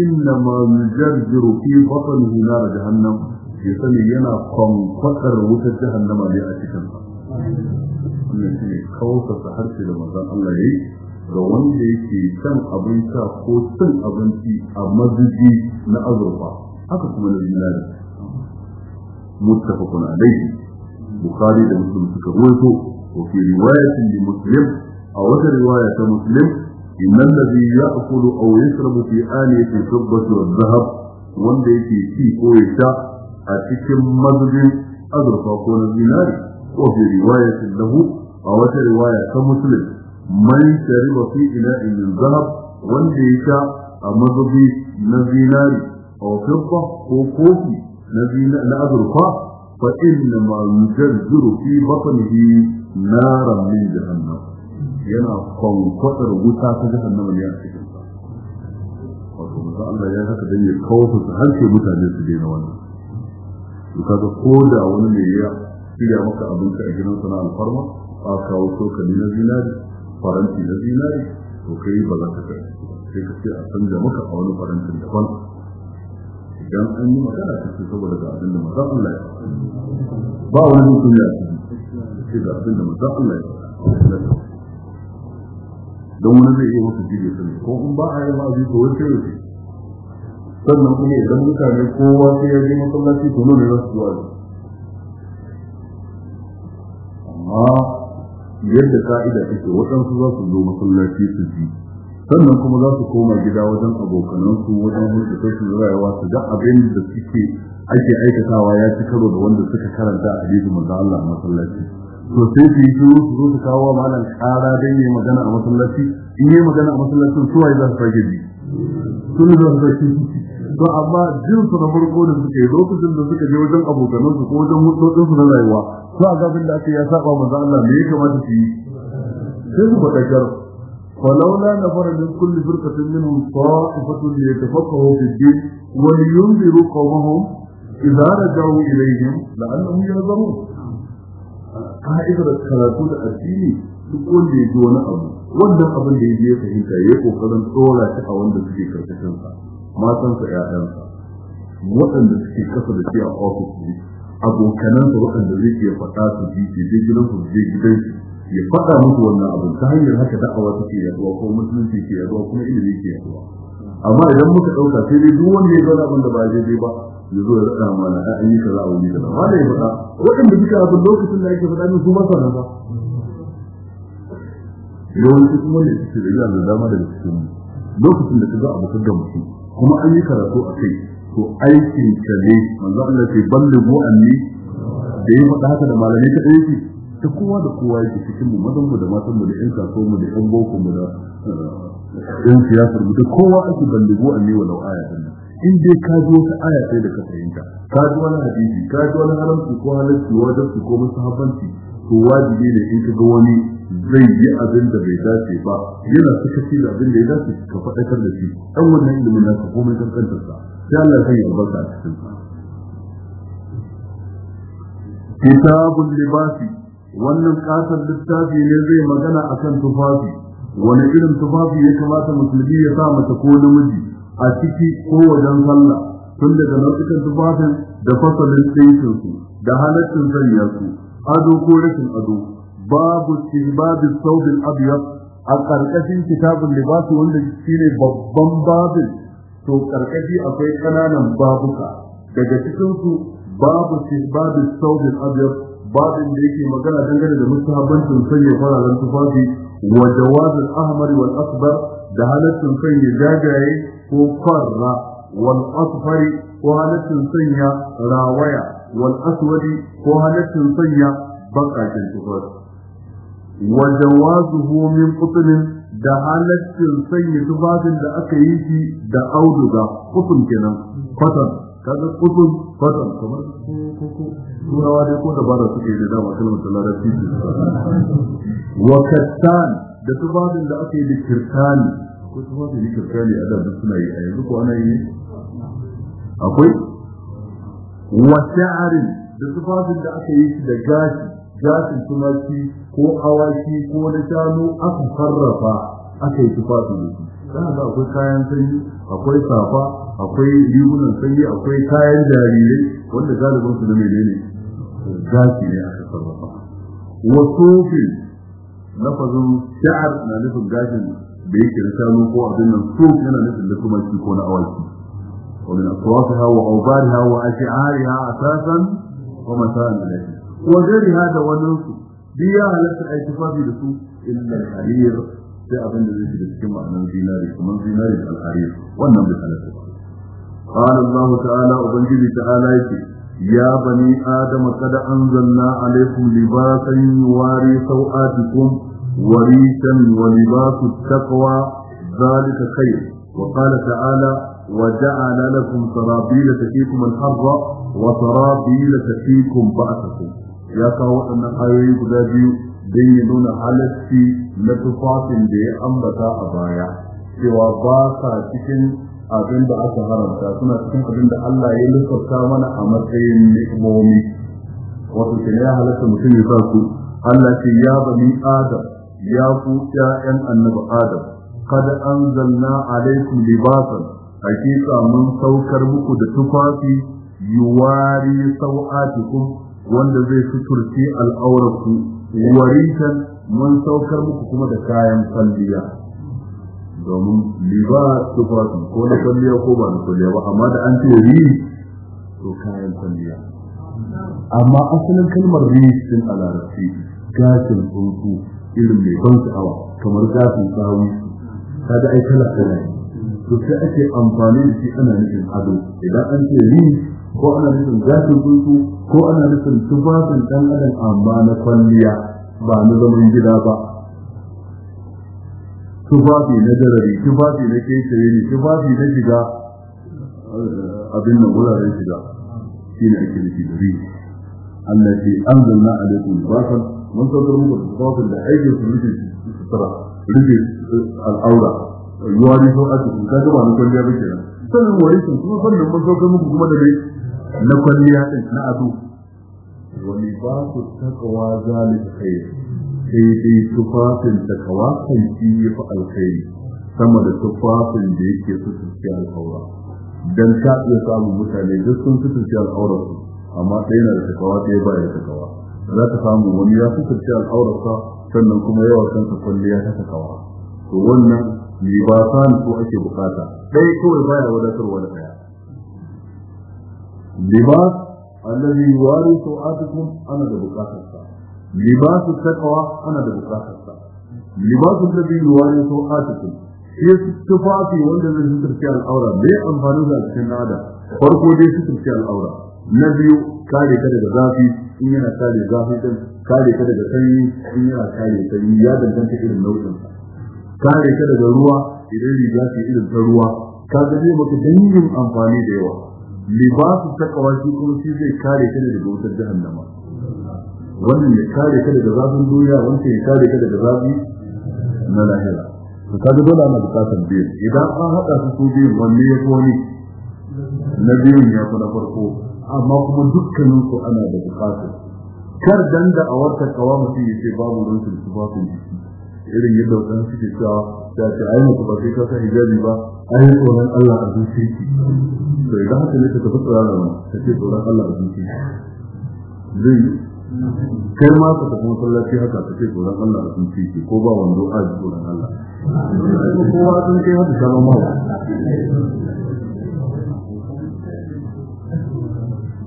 [SPEAKER 1] inna ma yujarjiru fi batnihi nar jahannam ya sani yana kwankwatar wutar jahannama ne a cikin sa wannan shine kawo sa harshe da manzon Allah yayi ga wanda yake san abin sha ko san abinci a mazubi na azurfa haka kuma na zinari Kuna alayhi Bukari da muslim suka rawaito wa fi riwayatin li muslim a wata riwaya ta muslim inna alladhi ya'kulu aw yashrabu fi aniyati fiddati wa dhahab wanda yake ci ko ya sha a cikin mazubin azurfa ko na zinari wa fi riwayatin lahu a wata riwaya ta muslim man sharima fi ina'in min zahab wanda ya sha a mazubi na zinari aw fidda ko kofi na zinari na azurfa fa inna ma yujarjiru fi batnihi naran min jahannam yana kwankwatar wuta ta jahannama ne a cikin sa wato masu Allah ya haka dan ya kawo su har mutane su daina wannan to ko da wani ne ya shirya maka abinci a gidansa na alfarma a kawo cokali na zinari faranti na zinari to kai ba za ka kai sai ka ce a canza maka a wani farantin daban idan an yi magana ta ce saboda ga abin da maza Allah ya ba wani mutum ya ce sai ga abin da maza Allah ya don wani zai iya masa jirgin sani ko in ba a yi ma'azi ko wani sai wuce sannan kuma idan mutane kowa sai ya je masallaci to nuna za su amma yadda ka'ida take waɗansu za su zo masallaci su ji sannan kuma za su koma gida wajen abokanansu wajen hulɗa su rayuwa su ga abin da suke ake aikatawa ya ci karo da wanda suka karanta a hadisin manzo Allah masallaci to sai su yi su zo su kawo malam ƙara dan yi magana a masallaci in yi magana a masallacin su waye za su fage ji sun za su fage to amma jin su na farko da suke lokacin da suka je wajen abokanan su ko wajen hudodin su na rayuwa su a gabin da aka ya saba manzo Allah me ya kamata su yi sai su fadakar فلولا نفر من كل فرقة منهم طائفة ليتفقهوا في الدين ولينذروا قومهم إذا رجعوا إليهم لعلهم ينظرون ka'idar karatu da addini duk wanda ya ji wani abu wannan abin da ya je fahimta ya kokarin tsora shi a wanda suke karkashin sa matansa ƴaƴansa waɗanda suke kasa da shi a ofis ne abokanansa waɗanda zai iya faɗa su ji ke zai gidansu su je gidan ya faɗa musu wannan abin ta hanyar haka da'awa take yaduwa ko musulunci ke yaduwa kuma ilimi ke yaduwa amma idan muka ɗauka sai dai duk wanda ya zo abin da ba daidai ba ya zo ya raɗa mana a an yi kaza a wuri kaza wanda ya faɗa waɗanda duka abin lokacin da ake faɗa min su masa nan ba yawanci kuma ne suke da dama daga cikin lokacin da ka zo abokan da mutum kuma an yi karatu a kai to aikin ta ne manzo Allah ce ballu mu anni da yi faɗa haka da malamai ta aiki ta kowa da kowa yake cikin mu madan mu da matan mu da ƴan kaso mu da ƴan boko mu da eh, ƴan siyasar mu da kowa ake ballu mu anni walau aya din in dai ka ji wata aya sai da ka fahimta ka ji wani hadisi ka ji wani haramci ko halarci wajen ko musahabanci to wajibi ne in ka ga wani zai yi abin da bai dace ba yana sakaci da abin da ya dace ka faɗakar da shi dan wannan ilimin na ka komai kan kantar sa sai Allah zai albarka a cikin sa Kitabun libasi wannan kasar littafi ne zai magana akan tufafi wani irin tufafi ya kamata musulmi ya sa mata ko namiji a ciki ko wajen sallah tun daga nau'ikan tufafin da fasalin tsaitinsu da halaccin sanya ado ko rashin ado babu istihbabi thawb al-abyad a karkashin kitabul libas wanda shine babban babin to ƙarƙashi akwai ƙananan babuka daga cikinsu su babu istihbabi thawb al babin da yake magana dangane da mustahabbancin sanya fararen tufafi wa jawaz al-ahmar wal asbar da halattun sanya jajaye ko farra wal asfar ko halattun sanya rawaya wal aswadi ko halattun sanya bakakin tufafi wa jawazuhu min qutl da halaccin sanya tufafin da aka yi shi da auduga kusun kenan kwatan kaga kusun, kwatan kamar turawa dai ko dabara suke da dama kalmar ta larabci wa kattan da tufafin da aka yi da kirtani ko tufafin da kirtani a da suna yi a yanzu ko ana yi akwai wa sha'arin da tufafin da aka yi shi da gashi gashin tumaki ko awaki ko na shanu aka sarrafa aka yi tufafi da su kana da akwai kayan sanyi akwai safa akwai rigunan sanyi akwai kayan jarirai wanda galibin su da menene gashi ne aka sarrafa fi na fazon sha'ar na nufin gashin da yake da shanu ko abin nan suf yana nufin da tumaki ko na awaki ومن أصواتها وأوبارها وأشعارها أساسا ومساء إليه wa gariha da wannan su duk ya halatta a yi tufafi da su illa al-harir sai abin da zai shiga cikin ma'anar zinari kamar zinari da al-harir wannan bai halatta ba قال الله تعالى وبنجي تعالى يتي يا بني آدم قد أنزلنا عليكم لباسا يواري سوآتكم وريشا ولباس التقوى ذلك خير وقال تعالى وجعل لكم سرابيل تقيكم الحر وسرابيل تقيكم بأسكم ya kawo waɗannan ayoyi guda biyu don ya nuna halarci na tufafin da ya ambata a baya cewa ba sa cikin abin da aka haramta suna cikin abin da Allah ya lissafta mana a matsayin nikmomi wato ke ya halatta mutum ya sa su Allah ce ya bani adam ya ku ƴaƴan annabi adam kada anzalna alaikum libasan hakika mun saukar muku da tufafi yuwari sau'atikum wanda zai suturce al'aurarku warisan mun saukar muku kuma da kayan kwalliya domin liba tufafin ko na kwalliya ko ba na kwalliya ba amma da an ce ri to kayan kwalliya amma asalin kalmar ri sun a larabci gashin tsuntsu irin mai ban sha'awa kamar gashin tsawi kaga ai kala kala to sai ake amfani da shi ana nufin ado idan an ce ri ko ana nufin zafin tsuntsu ko ana nufin tufafin ɗan adam amma na kwalliya ba na zaman gida ba tufafi na jarari tufafi na kekere ne tufafi na shiga eh, abin nan wuraren shiga shi ne ake nufi da rihi Allah ce an zanna a da kuma basan mun saukar muku tufafin da aikin su rufe sutura rufe al'aura yuwa ne ko a cikin kaga ba na kwalliya ba kenan sannan warisin kuma sannan mun saukar muku kuma da dai na kwalliya din na ado wa libasu taqwa zalika khair sai dai tufafin takawa kan shi yafi alkhairi sama da tufafin da yake sutunci al'aura dan ta iya samun mutane duk sun sutunci al'aura su amma sai na da takawa sai ba ya takawa za ta samu wani ya sutunci sa, sannan kuma yawa kansa kwalliya ta takawa to wannan libasan ko ake bukata Sai kawai baya wadatarwa da ɗaya libas allazi yuwari ana da tufafi wanda zai suturce al'aura bai amfani da cikin nada farko al'aura na biyu kare ka daga zafi in yana kare zafi kare ka daga sanyi in yana kare sanyi ya danganta irin nau'in kare ruwa ta ruwa ka ga maka amfani da yawa libasu takawa shi kuma shi zai kare ka daga wutar jahannama wannan ya kare ka daga zafin duniya wancan ya kare ka daga zafi na lahira to kaga dole ana bukatar biyu idan an haɗa su su biyu wanne ya fi wani na biyun ya fi na farko amma kuma dukkanin su ana da bukatar kar dan da awarta kawa mutum ya ce babu ruwan su su ba su irin yadda wadansu suke cewa ta ce ai mutu ba sai ka sa hijabi ba ai tsoron Allah a zuci to idan haka ne ka tafi tsoron Allah ka ce tsoron Allah a zuci zai kai ma ka tafi masallaci haka ka ce tsoron Allah a zuci ke ko ba wando a tsoron Allah
[SPEAKER 2] kowa sun kai haka kama mawa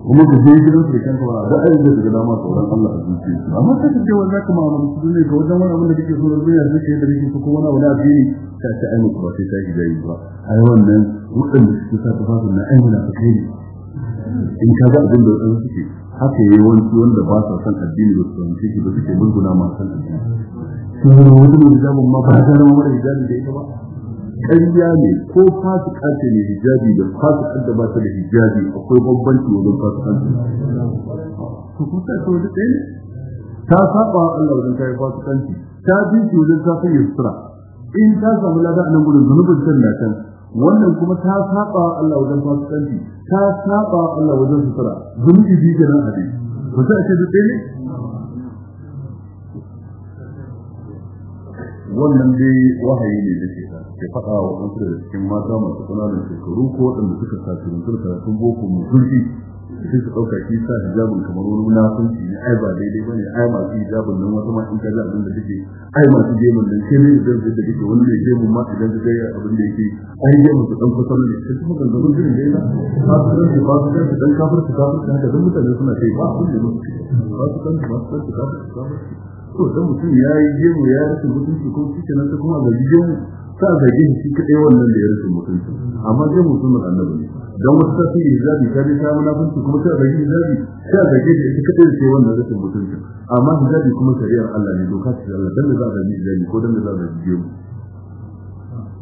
[SPEAKER 2] kuma ka je gidan su da kanka ba da ai da daga dama tsoron Allah a zuciya su
[SPEAKER 1] amma ta ce wanda zaka ma mun su ne ga wajen wani abin da kake so da duniya zai da kake so ko wani wala addini ta ce ai muku ba sai ta yi dai ba ai wannan wutan da suke sa tafafin na ai muna fakai ne in ka ga abin da wasu suke haka yayi wani wanda ba sa san addini da su suke da suke murguna ma san addini to wani da ma ba ta zama mara da ita ba ƙarya ne ko fasikanta ne hijabi da fasikanta da ba ta da hijabi akwai bambanci wajen fasikanta to kun sai to da ɗaya ta saba Allah wajen kai fasikanci ta bi shi wajen ta kai yusra in ta samu lada a nan gurin zunubin can na can wannan kuma ta saba Allah wajen fasikanci ta saba Allah wajen sutura zunubi bi ga nan hadi
[SPEAKER 2] ba sai ce da ɗaya
[SPEAKER 1] ne wannan dai wahayi ne da ke sa. ke faɗa wa wasu da cikin mata masu ƙananan shekaru ko waɗanda suka sace mutum karatun boko mai zurfi shi su ɗauka shi sa hijabin kamar wani munafunci ne ai ba daidai ba ne ai masu hijabin nan wata ma in ka ji abin da take ai masu gemun nan sai ne idan zai da kike wani mai gemun ma idan zai ga abin da yake ai gemun su ɗan kusan ne sai kuma gaban jirin da yana
[SPEAKER 2] ba su ɗan su ba su ɗan su ɗan kafin su kafin
[SPEAKER 1] su haka don mutane suna kai ba abin da ba su ɗan su ba su ɗan su kafin su kafin su to dan mutum ya yi gemu ya rasa mutunci ko kike nan ta kuma ga gemu sa zargi shi kadai wannan da ya rufe mutunci amma dai mutumin annabi ne dan wasu ta fi hijabi ta je ta munafunci kuma ta zargi hijabi ta zargi shi ita kadai sai wannan rufe mutunci amma hijabi kuma shari'ar Allah ne doka ce Allah dan da za a zargi hijabi ko dan da za a zargi gemu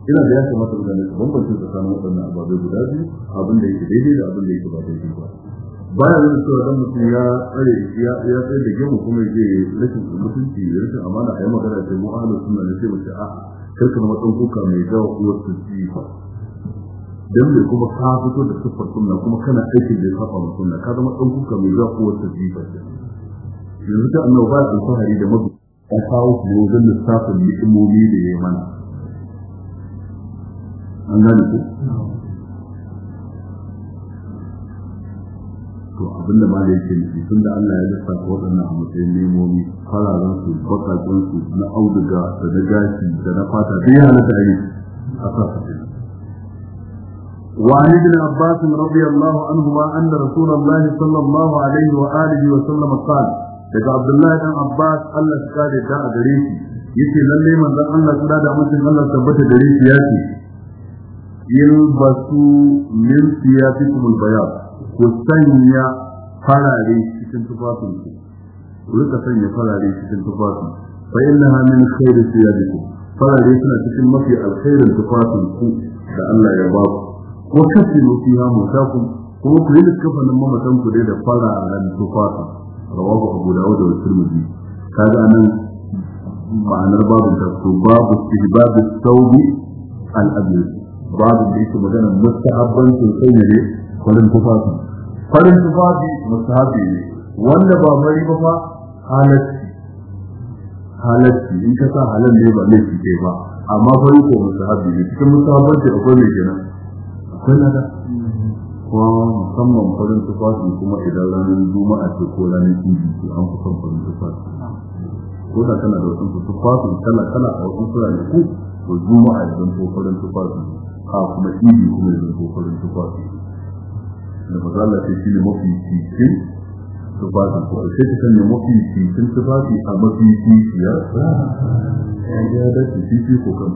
[SPEAKER 1] ina da ya kamata mutane su bambance tsakanin waɗannan ababai guda biyu abin da yake daidai da abin da yake ba daidai ba baya zai cewa dan mutum ya tsare ya ya tsare da gemu kuma ya je rashin mutunci rashin amana a yi magana ce mu sunna ne sai mu ce a'a sai ka matsan kuka mai gawa uwar su jifa don mai kuma ka fito da siffar sunna kuma kana aikin da ya saba ma sunna ka zama dan kuka mai gawa uwar su jifa yanzu ta annabi ba alfahari da mabu an kawo su ne wajen lissafin ni'imomi da ya mana an gane ku to abinda ma da yake nufi tun da Allah ya lissafa waɗannan a matsayin nemomi fararen su bakaƙen su na auduga da na gashi da na fata da yi halatta a yi a sa su وعن ابن عباس رضي الله عنهما أن رسول الله صلى الله عليه وآله وسلم قال daga Abdullahi dan Abbas Allah ya kare da a gare shi yace lalle Allah kira da mutum Allah tabbata gare shi yace yalbasu min ku sanya farare cikin tufafin ku rika sanya farare cikin tufafin fa innaha min khairu siyadikum farare suna cikin mafi alkhairin tufafin ku da Allah ya ba ku wa kasiru fiha mutakum kuma ku yi kafanin mamatan ku dai da fararen tufafin rawahu abu dawud wa tirmidhi kaga nan ma'anar babu da su babu istihbab at-thawb al-abyad babu da yake magana mustahabban sun sanya farin tufafi farin tufafi musahabi ne wanda ba fari ba fa halatti halatti in ka sa halal ne ba laifi kai ba amma farin ko musahabi ne cikin musahabanci akwai mai gina, akwai nada kuma musamman farin tufafi kuma idan ranar juma'a ce ko ranar kibi ce an kusan farin tufafi ko da kana da wasu tufafin kala kala a wasu turare ko juma'a idan ko farin tufafi a kuma kibi kuma idan ko farin tufafi da maza Allah sai shi ne mafi cikin tufafin ko sai kan sanya mafi cikin tufafi a mafi cikiya ya dace ciki ko kan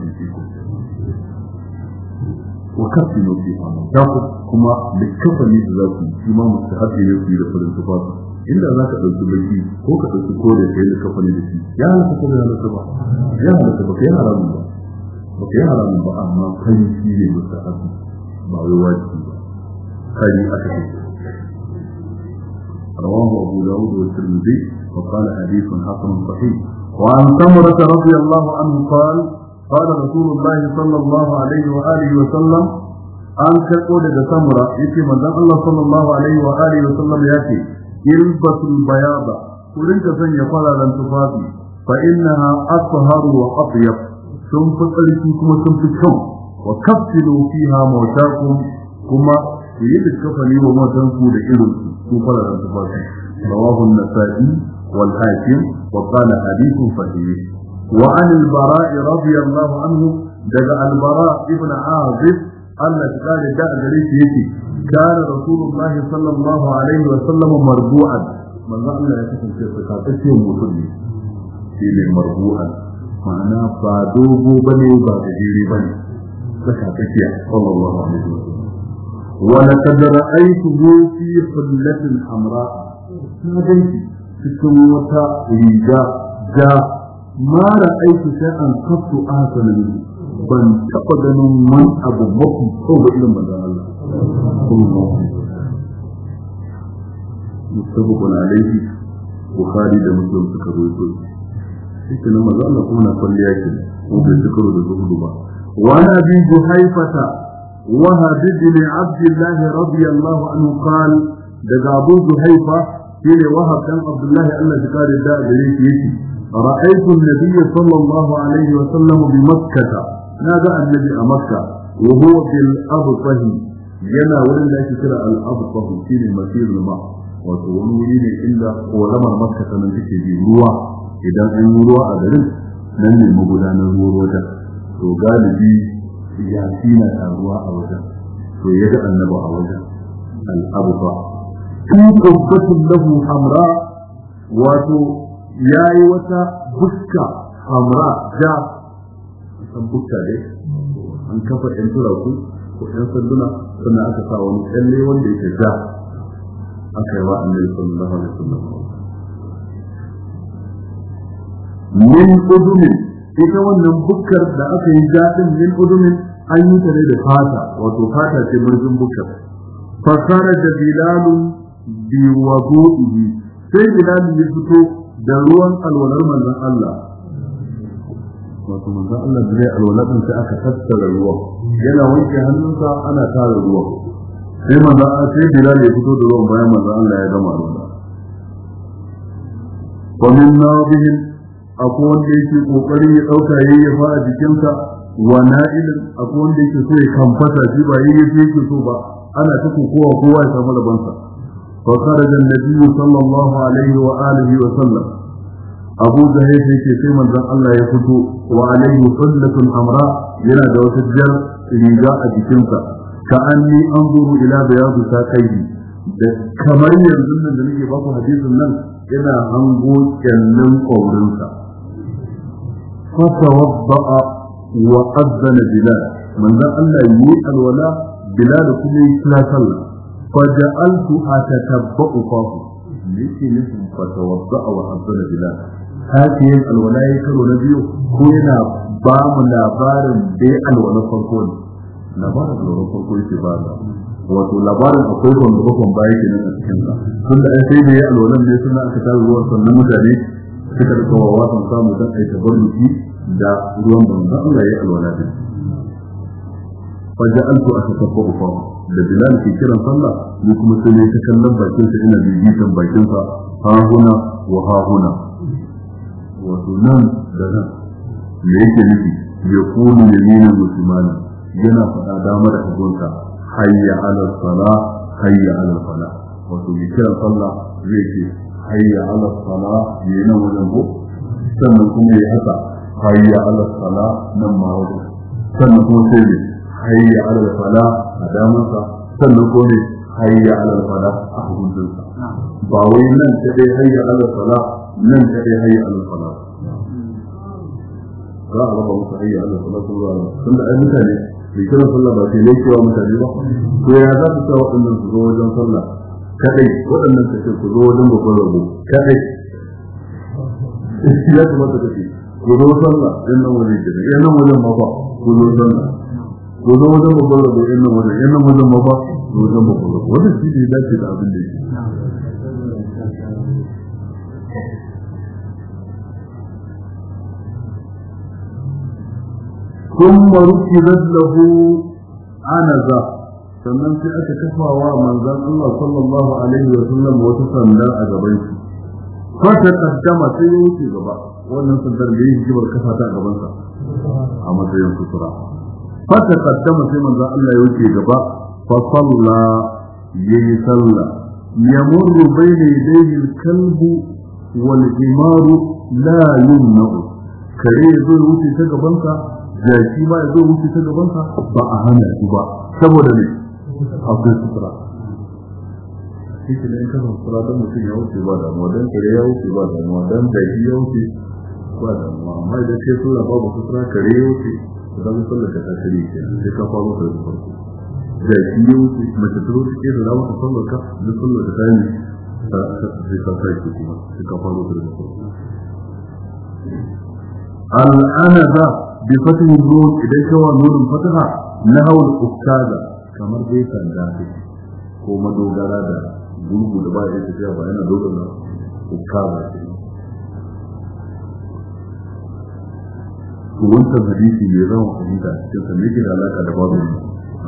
[SPEAKER 1] ko wa ta kuma da kafa ne da za ku shi ma haɗe ne da tufafi inda za ka ɗauki baki ko ka ɗauki kore ka yi da kafa ne da shi ya halatta ko ya halatta ba ya halatta ba ka yi haramun ba ba ka yi haramun ba amma kan shi ne musu haɗe ba wai wajibi ba fari aka ce rawahu abu dawud wa tirmidhi wa qala hadithun hasan sahih wa an samura radiyallahu anhu qala qala rasulullahi sallallahu alaihi wa alihi wa sallam an karɓo daga samura yake manzon Allah sallallahu alaihi wa alihi wa sallam yake ilbasul bayada ku rinka sanya fararen tufafi fa innaha atharu wa atyab sun fi tsarki kuma sun fi kyau wa kuma يجد كفني وما تنفو لإلوكي سوفر الانتفاق رواه النسائي والحاكم وقال حديث فهيه وعن البراء رضي الله عنه دقى البراء ابن عازف التي قال جاء جريس يتي كان رسول الله صلى الله عليه وسلم مربوعا من ظهر الله يتكلم في الفقاة اسيه مصلي سيلي مربوعا معنى فادوبو بني وبعد جيري بني فشعبتيا
[SPEAKER 2] صلى الله عليه وسلم ولقد
[SPEAKER 1] رأيته في حلة حمراء هذه تكون وتا ريجا جا ما رأيت شيئا قط أحسن منه بل تقدم من أبو بكر هو إلى من الله صلى الله عليه وسلم متفق عليه بخاري ده مسلم تكروي shi nan maza Allah kuma na kwalliya ke ko bai zikuru da zuhudu ba wa na bi juhaifata وهب بن عبد الله رضي الله عنه قال دغ ابو زهيفة كان وهب بن عبد الله الله قال دا بريك رأيت النبي صلى الله عليه وسلم بمكة هذا النبي مكة وهو في الأبطه ينا ولن لا يكرا الأبطه في المسير الماء وتولين إلا ولما مكة من تكي ruwa idan an ruwa a garin nan ne magudanar ruwa wajen to galibi yafi na taruwa a wajen to ya ga annabi a wajen al'abuwa tun kubbatun lahu hamra wato ya yi wata buska hamra ja san buska dai an kafa ɗan turaku ko ɗan sanduna sannan aka sa wani tsalle wanda yake ja aka yi wa annabi sallallahu alaihi wasallam min udunin ita wannan bukkar da aka yi jaɗin min udumin an yi ta ne da fata wato fata ce murjin bukkar fasara da bilalu bi wadu'ihi sai bilalu ya fito da ruwan alwalar manzon Allah wato manzon Allah da zai alwalar din sai aka tattara ruwan yana wanke hannunsa ana tara ruwan sai manzon sai bilal ya fito da ruwan bayan manzon Allah ya gama ruwan wa min nawbihim akwai wanda yake kokarin ya dauka yayyafa a jikinsa wa na'ilin akwai wanda yake so ya kamfasa shi ba yayyafa yake so ba ana ta kowa kowa ya samu labansa fa kharaja an-nabi sallallahu alaihi wa alihi wa sallam abu zahir yake sai manzon Allah ya fito wa alaihi sallatun amra yana da wata jar riga a jikinsa ka anni anzuru ila bayadu saqaihi da kamar yanzu nan da nake baku hadisin nan yana hango kyallin kwaurinsa فتوضأ وأذن بلال من ذا الله يي الولاء بلال كل يكلا صلى فجعلت أتتبع فاه ليكي فتوضأ وأذن بلال هاتي الولاء يكلا نبيه كوينا بام labarin dai alwala farko ne labarin alwala farko wato labarin akwai wanda bakon baya nan a cikin sa tunda an sai da ya alwalan ne suna aka tawo ruwan sannan mutane suka da kawawa sun samu don a yi tabarruki da ruwan banza Allah ya alwala da shi Fa faja'altu atasaffahu fa da bilal ke kiran sallah ni kuma sai ne ta kallon bakin sa ina bibitan bakin sa ha huna wa ha huna wato nan da nan me yake nufi ya kuni yamina musulmana yana faɗa dama da hagunsa hayya ala sala hayya ala sala wato ya kiran sallah zai ce hayya ala sala ya yi nan wajen ko sannan kuma ya haka hayya ala sala nan ma wajen sannan kuma sai ne hayya ala sala a damansa sannan kuma ne hayya ala sala a hukuncinsa ba wai nan ta dai hayya ala sala nan ta dai hayya ala sala za a raba musu hayya ala sala kuma za a raba tunda ai mutane bai kira sallah ba sai ne cewa mutane ba ko ya za su sa waɗannan su zo wajen sallah kadai waɗannan ka ce ku zo wajen babban rabo kadai ya kamata ka ce ku zo sallah yan nan wajen gida yan nan wajen mafa ku zo sallah ku zo wajen babban rabo yan nan wajen yan nan wajen mafa ku zo wajen babban rabo wajen shi ne dace da abin da yake ثم ركبت له عنزه sannan sai aka kafa wa manzan Allah sallallahu alaihi wa sallam wata sanda a gaban shi ko ta kaddama sai ya wuce gaba wannan sandar da yake jibar kasa ta gaban sa a matsayin sutura fa ta kaddama sai manzon Allah ya wuce gaba fa salla yayi salla
[SPEAKER 2] yamurru bayna
[SPEAKER 1] yadayhi al-kalbu wal imaru la yumnu kare zai wuce ta gaban sa jaki ma ya zo wuce ta gaban sa ba a hana shi ba saboda ne akwai sutura shi ne in kasa sutura don mutum ya wuce ba damuwa don kare ya wuce ba damuwa don daji ya wuce ba damuwa amma idan ke sura babu sutura kare ya wuce idan mun sallaka ta kare ke sai ka fara masa da farko da shi ya wuce mace ta wuce ke da masa sallaka da sallaka ta yi sai ka fara shi kuma sai ka fara masa da farko al'ana ba bi fatihin nur idan kawa nurin fataha nahawul uktada kamar dai sanda ko madogara da gurgu da ba ya tafiya ba yana na ko ba shi to wannan hadisi ne zan fahimta cikin sa ne da alaka da babu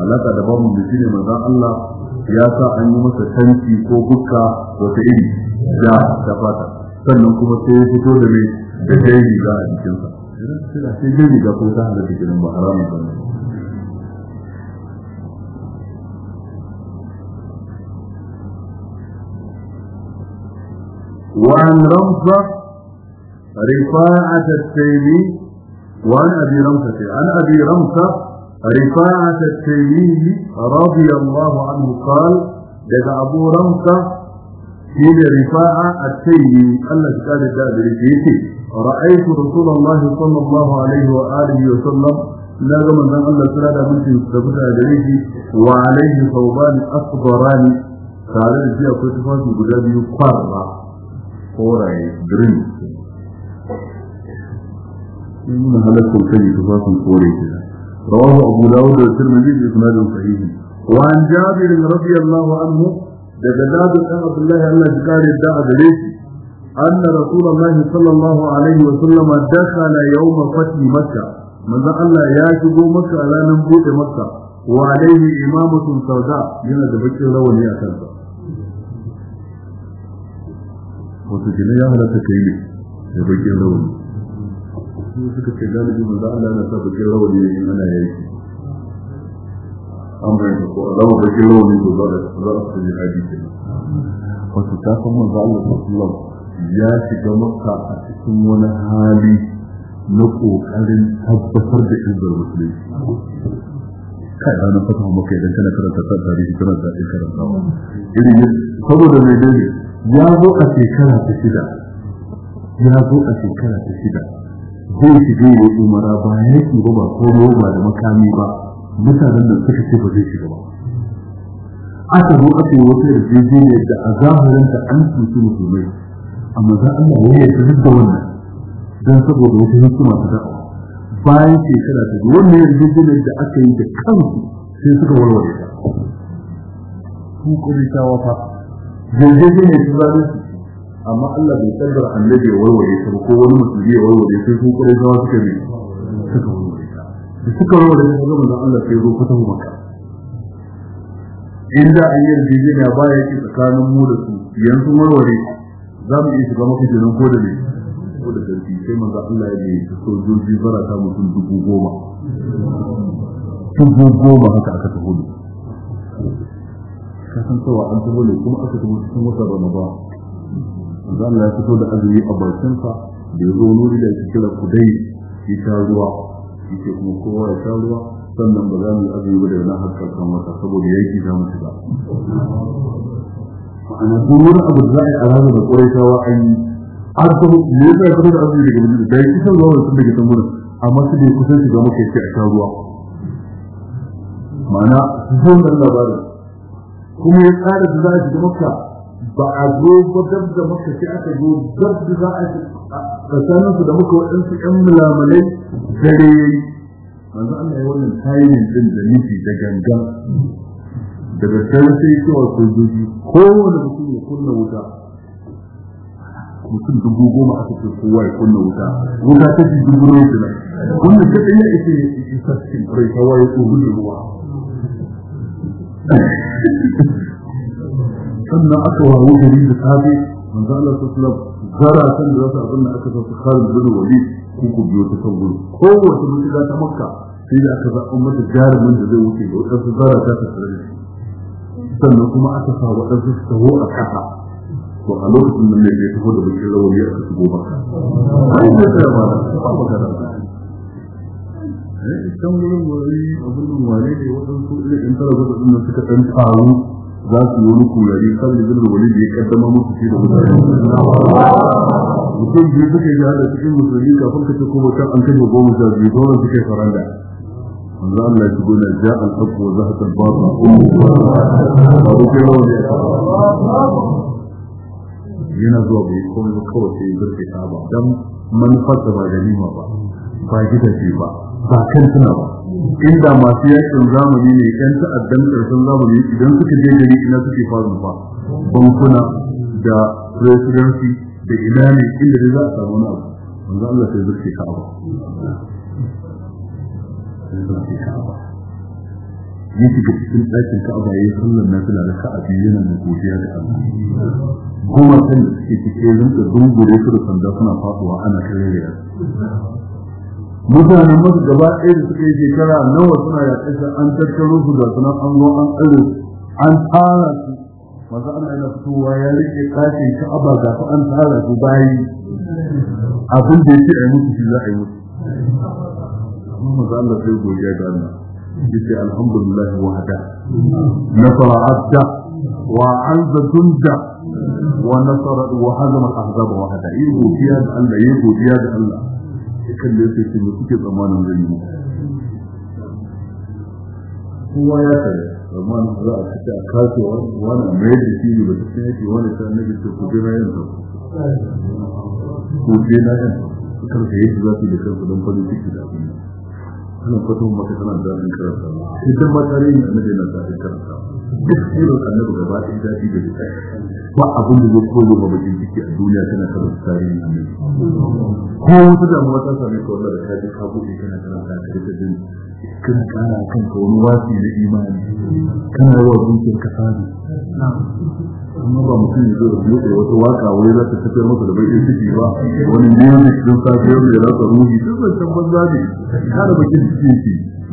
[SPEAKER 1] alaka da babu ne shine manzon Allah ya sa an yi masa tanki ko ko wata iri da ta fata sannan kuma sai ya fito da mai da dai riga a jikinsa sai dai riga ko ta halatta gidan ba haramun ba وعن رمزة رفاعة التيمي وعن أبي رمزة عن أبي رمزة رفاعة التيمي رضي الله عنه قال لدى أبو رمزة في رفاعة التيمي الذي كان الدابري رأيت رسول الله صلى الله عليه وآله وسلم لا ga أن Allah sura da mutum da عليه وعليه yake wa alaihi thawban asbarani tare da koraye green inna halakul kaji tufafin kore ke rawahu abu dawud da tirmidhi bi isnadin sahih wa an jabir radiyallahu anhu da dadu dan abdullahi Allah ya kare da gare shi أن رسول الله صلى الله عليه وسلم دخل يوم فتح مكة من الله ياكب مكة على نبوء مكة وعليه إمامة سوداء من ذبك wato gina ya halatta kai ne da bakin rawani su suka ce galibi manzo Allah yana sa bakin rawani ne in ana yaki an bayyana ko alama bakin rawani to za a su hadisi wato ta san manzo Allah sallallahu ya shiga makka a cikin wani hali na kokarin tabbatar da izar musulunci kai ranar fata maka idan kana karanta tarihi kana da karanta irin saboda mai dai ya zo a shekara ta shida ya zo a shekara ta shida zai shiga yi umara ba ya yi ba ba ko ba da makami ba mutanen da suka
[SPEAKER 2] ce ba zai shiga ba
[SPEAKER 1] aka zo a ce wata ne da a zahirin da an cuci musulmai amma za wani ya yi tafi da wannan don saboda wata hikima ta da'awa bayan shekara ta biyu wannan ne da aka yi da kansu sai suka warware ta. Kun kuma tawa jirgin ne su su, amma Allah bai kaddara annabi ya warware su ko wani musulmi ya warware su su kare zama suka bi suka warware da suka warware su ga manzon Allah sai ruwa ta maka inda an yi jirgin ya baya yake tsakanin mu da su yanzu warware za mu iya shiga mafi jinin ko da ne ko da sarki sai manzon Allah ya yi sojoji bara ta mutum dubu goma dubu goma haka
[SPEAKER 2] aka tafi
[SPEAKER 1] Ka san kasancewa an tubo ne kuma aka tubo cikin watan ramadan manzo Allah ya fito da azumi a bakinsa da ya zo nuri da ya kira kudai ya sha ruwa ce kuma kowa ya sha ruwa sannan ba za mu yi azumi ba da yana harkar kan wata saboda yanki za mu shiga ma'ana ko wani abu da za a yi a ranar da kwarai shawa an yi an kuma ne ya fito da azumi daga mutum da ya kusa ruwa da sun daga can amma su bai kusan shiga maka ya ce a sha ruwa ma'ana su ba da kuma ya tsara da za a shiga maka ba a zo ba dab da maka sai aka zo dab da za a tsakanin su da maka waɗansu ƴan mulamalai dare yayi manzo Allah ya wannan tayin din da nufi da gangan daga can sai cewa sojoji kowane mutum ya kunna wuta mutum dubu goma aka ce kowa ya kunna wuta wuta ta ji dubu ne da nan wanda ta
[SPEAKER 2] ɗaya ita ya ce ta cikin kai ya waye
[SPEAKER 1] tsohon ruwa sannan aka wawo gari da safe manzo Allah sallallahu zara san da wasu abin da aka zo su kare da wali ko ku biyo ta kan gudu ko wata mutula ta makka sai da aka zaɓa mata jarumin da zai wuce da wasu zara ta ta tsare sannan kuma aka sa waɗansu su taho a ƙasa to a lokacin da mai taho da bakin rawani aka shigo maka
[SPEAKER 2] ai da ba
[SPEAKER 1] ba ba ne can wurin wari abin da wane waɗansu ne ɗan tara gwada ɗin suka ɗan taru za su yi wani kurari kan da zirga wani da ya kaddama musu ce da mutane mutum biyu suka yi hada cikin musulmi kafin ka ce kuma kan an kashe goma sha biyu sauran suka yi faranda manzo Allah ya shigo na ja al-haqq wa zahaqa al-batil babu kai lawa ne yana zuwa bai komai kawai sai ya zurfe ba dan manufar da ba ganima ba ba gida ce ba ba kan tuna ba inda masu yakin zamani ne yan ta'addan karshen zamani idan suka je gari ina suke faru ba bankuna da presidency da ina ne inda dai za a samu na abu manzo Allah sai zurfi ka'aba ya shiga cikin ɗakin ka'aba ya yi sallar na tana da ka'a biyu yana da godiya da Allah goma kan da suke cikin rinka dungure su da sanda suna faɗuwa ana kare
[SPEAKER 2] da
[SPEAKER 1] mutanen masu gaba ɗaya da suka yi shekara nawa suna yaƙi an tattaro su da sunan an zo an tsare an tsara su masu ana yana fitowa ya rike kashin ka'aba ga su an tsara su bayi abin da ya ce a yi musu shi za a yi musu masu Allah sai godiya ga Allah yace alhamdulillah wahda nasara abda wa anza junda wa nasara wa hazama al-ahzab wahda yi godiya da Allah yi godiya da Allah kalle sai ce mutu ke tsammanin zai yi
[SPEAKER 2] kowa ya tare amma za a fita a kasuwa
[SPEAKER 1] wani mai da shi ba su a yake wani ta nabi ta kuje na yin kuje na yin karfe yake za su da karfe don farin ciki da abin nan ana fatan mata tana da karanta ita ma tare ne annabi na da karanta duk irin annabi gaba da ba abin da zai koyo bakin ciki a duniya tana karanta tarihin annabi ko wata ta ka da ka buɗe ka rika jin kana wani wasi na
[SPEAKER 2] imani kana yawa zuciyar ka sani
[SPEAKER 1] amma ba mutum ya zo da buɗe wata waka wai za ta tafiyar masa da bakin ciki ba wani ne ne cikin safiyar da ya rasa ruhi duk zai tabbatar da ya da bakin ciki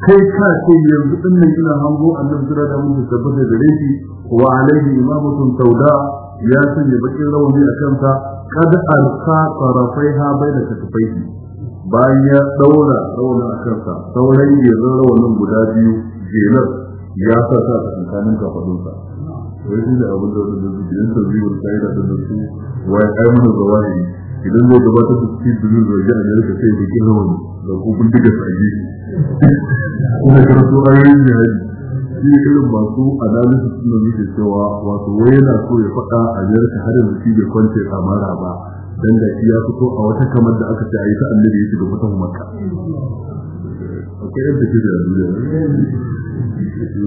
[SPEAKER 1] kai ka ce yanzu din nan ina hango annabi sura da mun tabbata da rashi wa alaihi imamatun sauda ya sanya bakin rawani a kanta kad alqa tarafaiha baina katafaihi bayan ya daura rawanin a kansa sauran yanzu rawanin guda biyu jelar ya sa ta tsakanin kafadunsa wai shi ne abin da wani zuci yan sau biyu da da su wai ai mana zawani idan zai gabatar da cikin duniya da ya rika sai bakin rawani da ko bindiga su aje kuma kira su ayoyin jihadi shi irin masu adalisa suna nake cewa wato wai yana so ya faɗa a jiyar yarka har yanzu shi bai kwance kamara ba dan da shi ya fito a wata kamar da aka ce a yi ta annabi ya shiga fatan makka akwai da ke da duniya yanzu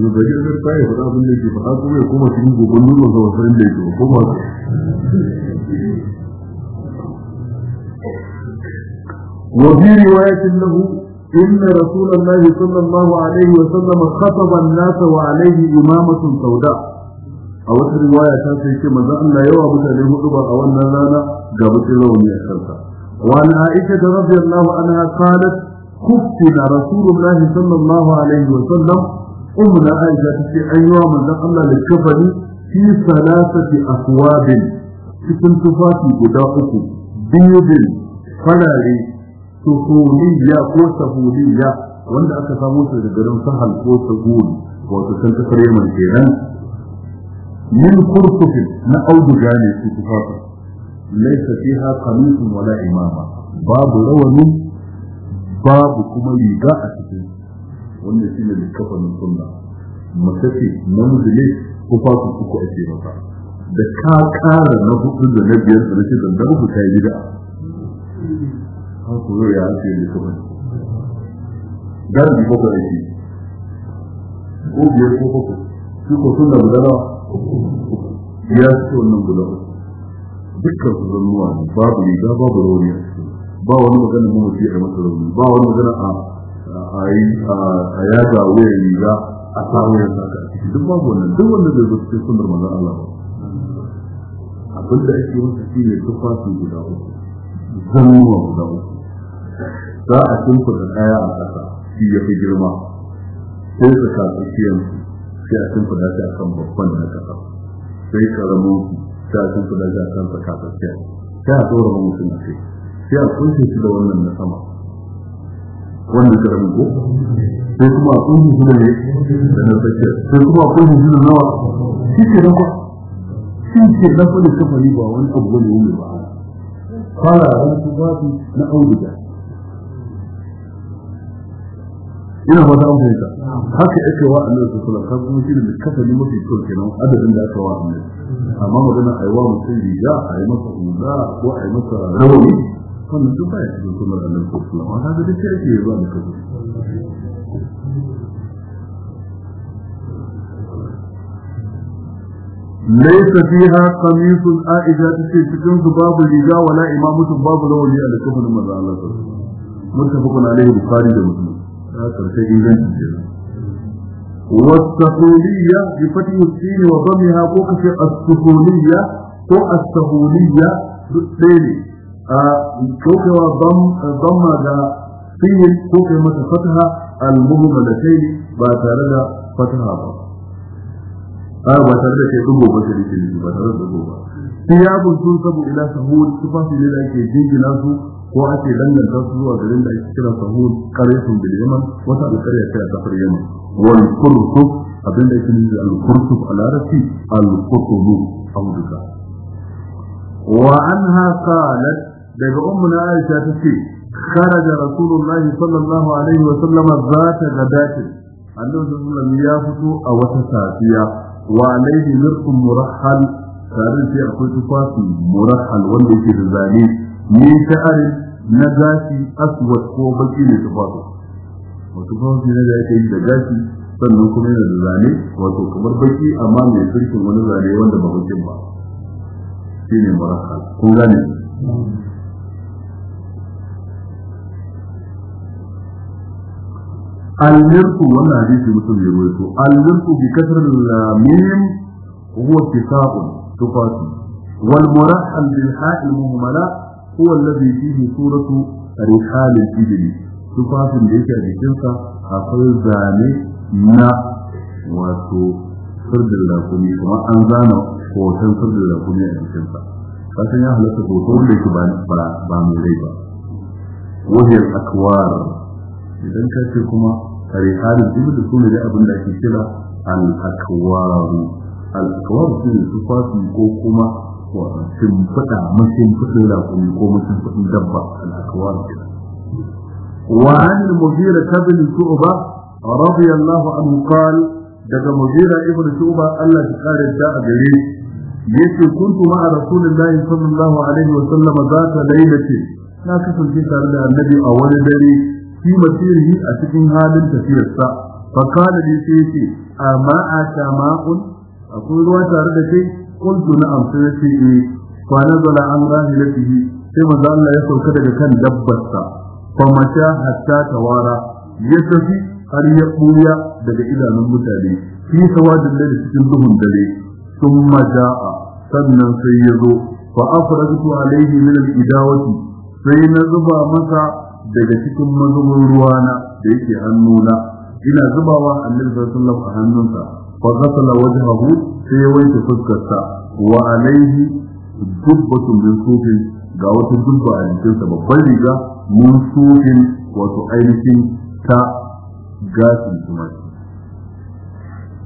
[SPEAKER 1] da ke zai tsaye faɗa abin da ke faɗa kuma ya koma cikin gobe nuna ga wasu da ya ke ko ba وفي رواية له إن رسول الله صلى الله عليه وسلم خطب الناس وعليه إمامة سوداء a wata riwaya ta sai ce manzo Allah yawa mutane hudu a wannan rana ga mutum rauni a kansa wa aisha da radiyallahu anha qalat kuftina rasulullah sallallahu alaihi wa sallam umma aisha tace ayyuwa manzo Allah da kafani fi salasati akwabin cikin tufafi guda uku biyudin farare suhuliya ko sahuliya wanda aka samu su da garin sahal ko sahul wato san kasar yaman kenan min kurkufin na auduga ne su tufafi laisa fiha qamisun wala imama babu rawani babu kuma riga a cikin wannan kafa likafanin sunna mace ce namiji ne ko fasu uku ake masa da ka kara na hudu da na biyar da na shida da uku ta yi gida. ku zo ya ake yi kuma galibi boko da shi ko biyar ko boko shi ko sun guda gudana? ya ce wannan guda dukkan su zannuwa ne babu riga babu rauni a ciki ba wani magana mu mutu a masa rauni ba wani magana a a yaga wuyan riga a sa wuyan saka a ciki duk babu wannan duk wanda zai zo cikin sunar manzan Allah ba abinda ake masa shi ne tufafi guda uku zannuwa guda uku za a tunku da kaya a ƙasa shi ya fi girma sai su ka tsakiyar sai a tunku da a kan babban na ƙasa sai karamin sai a tunku da a kan tsakatsakiyar sai a tsoron mutum a kai sai a kunshe shi da wannan na sama wannan karamin ko sai kuma a kunshe shi da ne da na tsakiyar sai kuma a kunshe shi da nawa shi ke nan ba shi ke nan ba da kafa ba wani abu ne wani ba
[SPEAKER 2] fara wani tufafi na auduga
[SPEAKER 1] ina ba ta amfani ta haka ake wa annabi su kula ka kuma shine kafani mafi kyau kenan adadin da aka wa annabi amma magana ai wa mutum riga ai masa hula ko ai masa rawani wannan duk ba ya cikin sunan annabi su kula ma kaga duk ake yi ba da kafa ليس فيها قميص عائشة تشكن باب الرجاء ولا إمامة باب الأولياء لكفر من الله متفق عليه da ومسلم والسهولية بفتح السين وضمها فوق السهولية تو السهولية بالسين آه، فوق ضم ضم سين فوق متفتها المهملتين باتر فتحها بقى a ba tare da kai dubo ba sharikin ba tare da dubo ba sai ya bunsu sabu ila sahul tufafi ne ko ake danganta su zuwa garin da ake kira sahun karyatun bil yaman wata kai a kafar yaman wal kurkuk abin da yake nufi al kurkuk a larabci al kurkuku a huduka wa anha qalat daga ummuna aisha tace kharaja rasulullahi sallallahu alaihi wa sallam zata gadati annabi sallallahu alaihi ya fito a wata safiya wa alaihi mirkum murahhal tare da akwai tufafi murahhal wanda yake da zane ni ta sha'arin na gashi aswad ko baki ne tufafi wato kuma ne da yake yi da gashi sannan kuma yana da zane wato kamar baki amma mai sirkin wani zane wanda ba mutum ba shi ne maraka kun gane al-mirku wannan hadisi mutum ya rawaito al-mirku bi kasr al-mim huwa kitabun tufafi wal murahhal bil ha'i muhammala huwa alladhi fihi suratu rihal al-ibli tufafin da yake a bikinsa akwai zane na wato sirdin lakumi kuma an zana hoton sirdin lakumi a jikinsa kasan ya halatta hoton da yake ba mai rai ba wajen akwar idan ka ce kuma rihalin ibli su ne abin da ake kira al-akwaru ko kuma shimfiɗa mashin fitin rakumi ko mashin fitin dabba al'akawar وعن المغيرة بن شعبة رضي الله عنه قال daga mujira ibnu shuba Allah ya kare da a gare yace kuntu ma rasulullahi sallallahu alaihi wa sallam ta lailati na kasance tare da annabi a wani dare fi masirihi a cikin halin tafiyarsa fa kana sai ce, amma a atama'un akwai ruwa tare da kai قلت نعم سيتي فنزل عن راهلته كما قال الله يسوع كذا كان دبسا فمشى حتى توارى يتفي har ya ɓuya daga idanun mutane fi sawadin da cikin duhun dare sun maja'a sannan sai ya zo fa afrajtu alaihi min al-idawati sai na zuba masa daga cikin ruwa na da yake hannuna ina zubawa annabi a hannunsa fa ghasala wajhahu sai ya wanke fuskarsa wa alaihi dubbatun min sufin ga wata dubba a jikinsa babban riga mun sufin wato ainihin ta gashin tumaki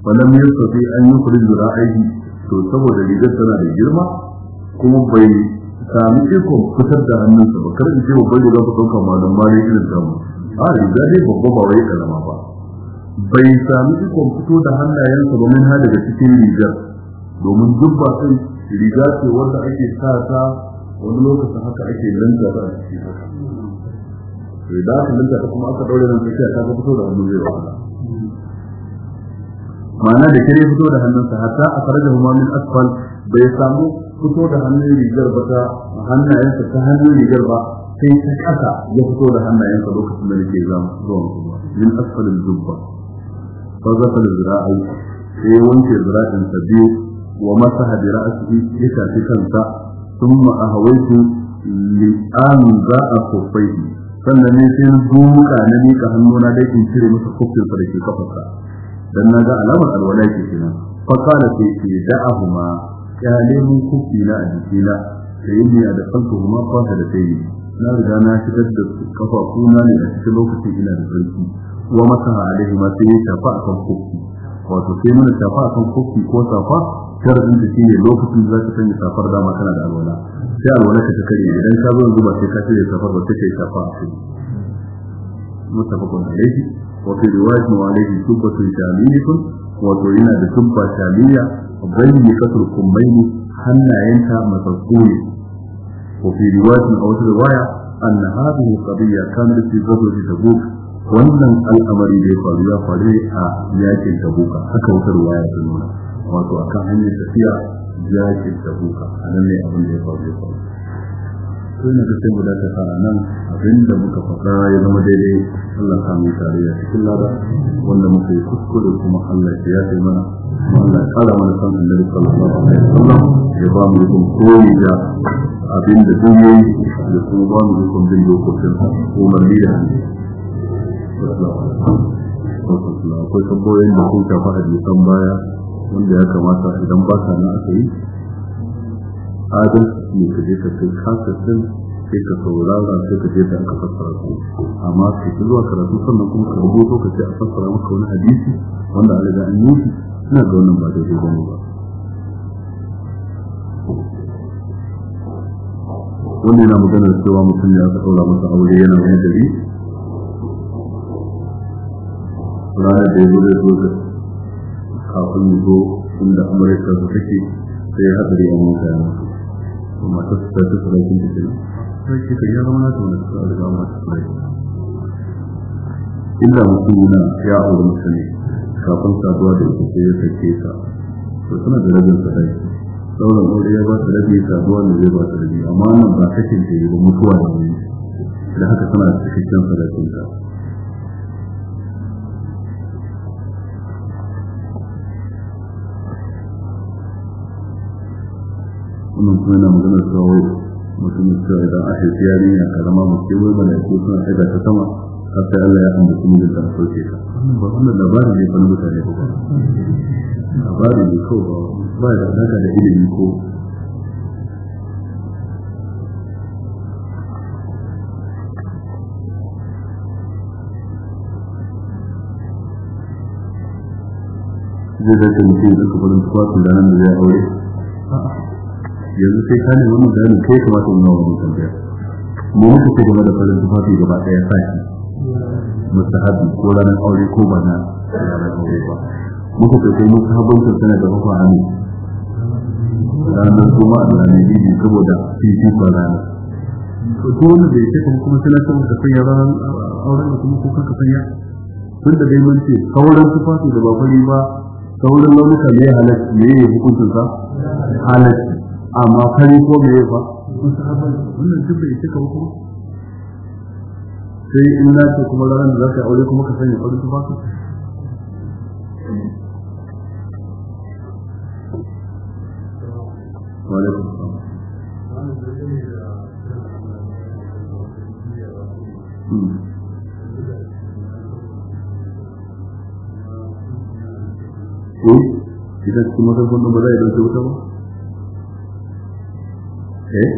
[SPEAKER 1] falam yastati an yi yukhrij aiki? to saboda rigar tana da girma kuma bai sami iko fitar da hannunsa ba kar in ce babban riga ku dauka malam ne irin tamu a riga dai babba ba wai kalama ba bai sami ikon fito da hannayensa ba min hada da cikin rigar domin duk ba sai riga ce wanda ake sa ta wani lokacin haka ake lanta ta a cikin haka sai da aka lanta ta kuma aka daure nan sai ta fito da hannu zai wahala ma'ana da kare fito da hannunsa hatta a faraja huma min asfal bai samu fito da hannun rigar ba ta hannayensa ta hannun rigar ba sai ta kasa ya fito da hannayensa lokacin da yake zama zuwa min asfalin zubba fa zakal zira'i sai wanke zira'in sa biyu wa masaha bi ra'sihi ya tafi kansa thumma ahawaitu li an za'a kufaihi sannan ne sai duka na mika hannuna dai in cire masa kufin sa dake kafarsa dan ga alamar alwala ke kenan fa qala sai ce da'ahuma kofi kufina a jikina sai ne da kanku kuma fa da tayi na riga na shigar da kafafuna ne a cikin lokacin ina da sarki wa masa alaihi ma sai shafa akan kofi wato sai mana shafa akan kofi ko tafa sharadin da shine lokacin da zaka sanya safar dama kana da alwala sai alwala ka kare idan ka zo zuba sai ka cire safar ba take kai shafa a kai mutafaqun alaihi wa fi riwayatin wa alaihi tubbatun shamiyatun wato yana da tubba shamiya bayyi kasur kumbaini hannayenta masarku ne وفي رواية أو riwaya anna hadhihi qadiyya كانت في غزوة تبوك wannan al'amari da ya faru ya faru a yakin tabuka haka wata ruwaya ta nuna wato akan hanyar tafiya yakin tabuka a nan ne abin da ya faru ya faru sai na sai mu dace fara nan abinda muka faɗa ya zama daidai Allah ta mu tare ya cikin lada wanda muka yi kuskure kuma Allah ya yafe mana kuma Allah ya kara mana san annabi sallallahu alaihi wasallam ya ba mu yin koyi da abinda duk yayi da kuma ba mu yin bin dokokin sa umarni da hannu akwai tambayoyin da sun shafi hadisan baya wanda ya kamata idan ba ka na aka yi adalci ne ka je ka kai kasasin sai ka saurara sai ka je da aka fassara su amma ka ki zuwa karatu sannan kuma ka rubuto ka ce a fassara maka wani hadisi wanda an riga an yi shi ina ga wannan ba daidai ba ne ba wannan yana maganar cewa mutum ya ɗaura masa aure yana wani gari ranar da ya zo zo da kafin ya zo inda amurka su take sai ya haɗari a ya mutu amma ta su tafi su rakin da jina sai ke kai ya zama na tona su a riga masu rai illa mutumina ya auri mutane kafin saduwa da ita sai ya sake ta to suna da rabin sadai sauran aure ya ba ta rabi saduwa ne zai ba ta rabi amma wannan ba kashin da ya ba mutuwa da ne da haka tana cikakken sadakinta wannan kuma yana magana cewa mutum cewa idan a haifi yarinya karama mutum wai mala'iku suna aika ta sama har sai Allah ya ambaci mu da ka ba wannan labarin ne mutane ba labarin ne ko ba da daga da ilimi ko zai zai mutum da da nan da zai aure yanzu sai ka nemi mu gani kai kuma ta nuna wani tambaya mu muka ce game da farin tufafi gaba daya saki mustahabi ko ranar aure ko ba na ranar aure ba muka ce kai haɓar sa tana da mafa hannu ranar kuma da ranar bibi saboda fifi ba ranar ko wanda bai ce kuma kuma tana ta muka sanya ranar auren da kuma ko kanka sanya tun da dai mun ce sauran tufafi da ba fari ba sauran launuka ne halatta ne hukuncinsa halatta amma kare ko me ya fa wannan duk bai cika hukuma sai in na ce kuma ranar da za ka aure kuma ka sanya farin hmm. eh, ba za a wuta ba eh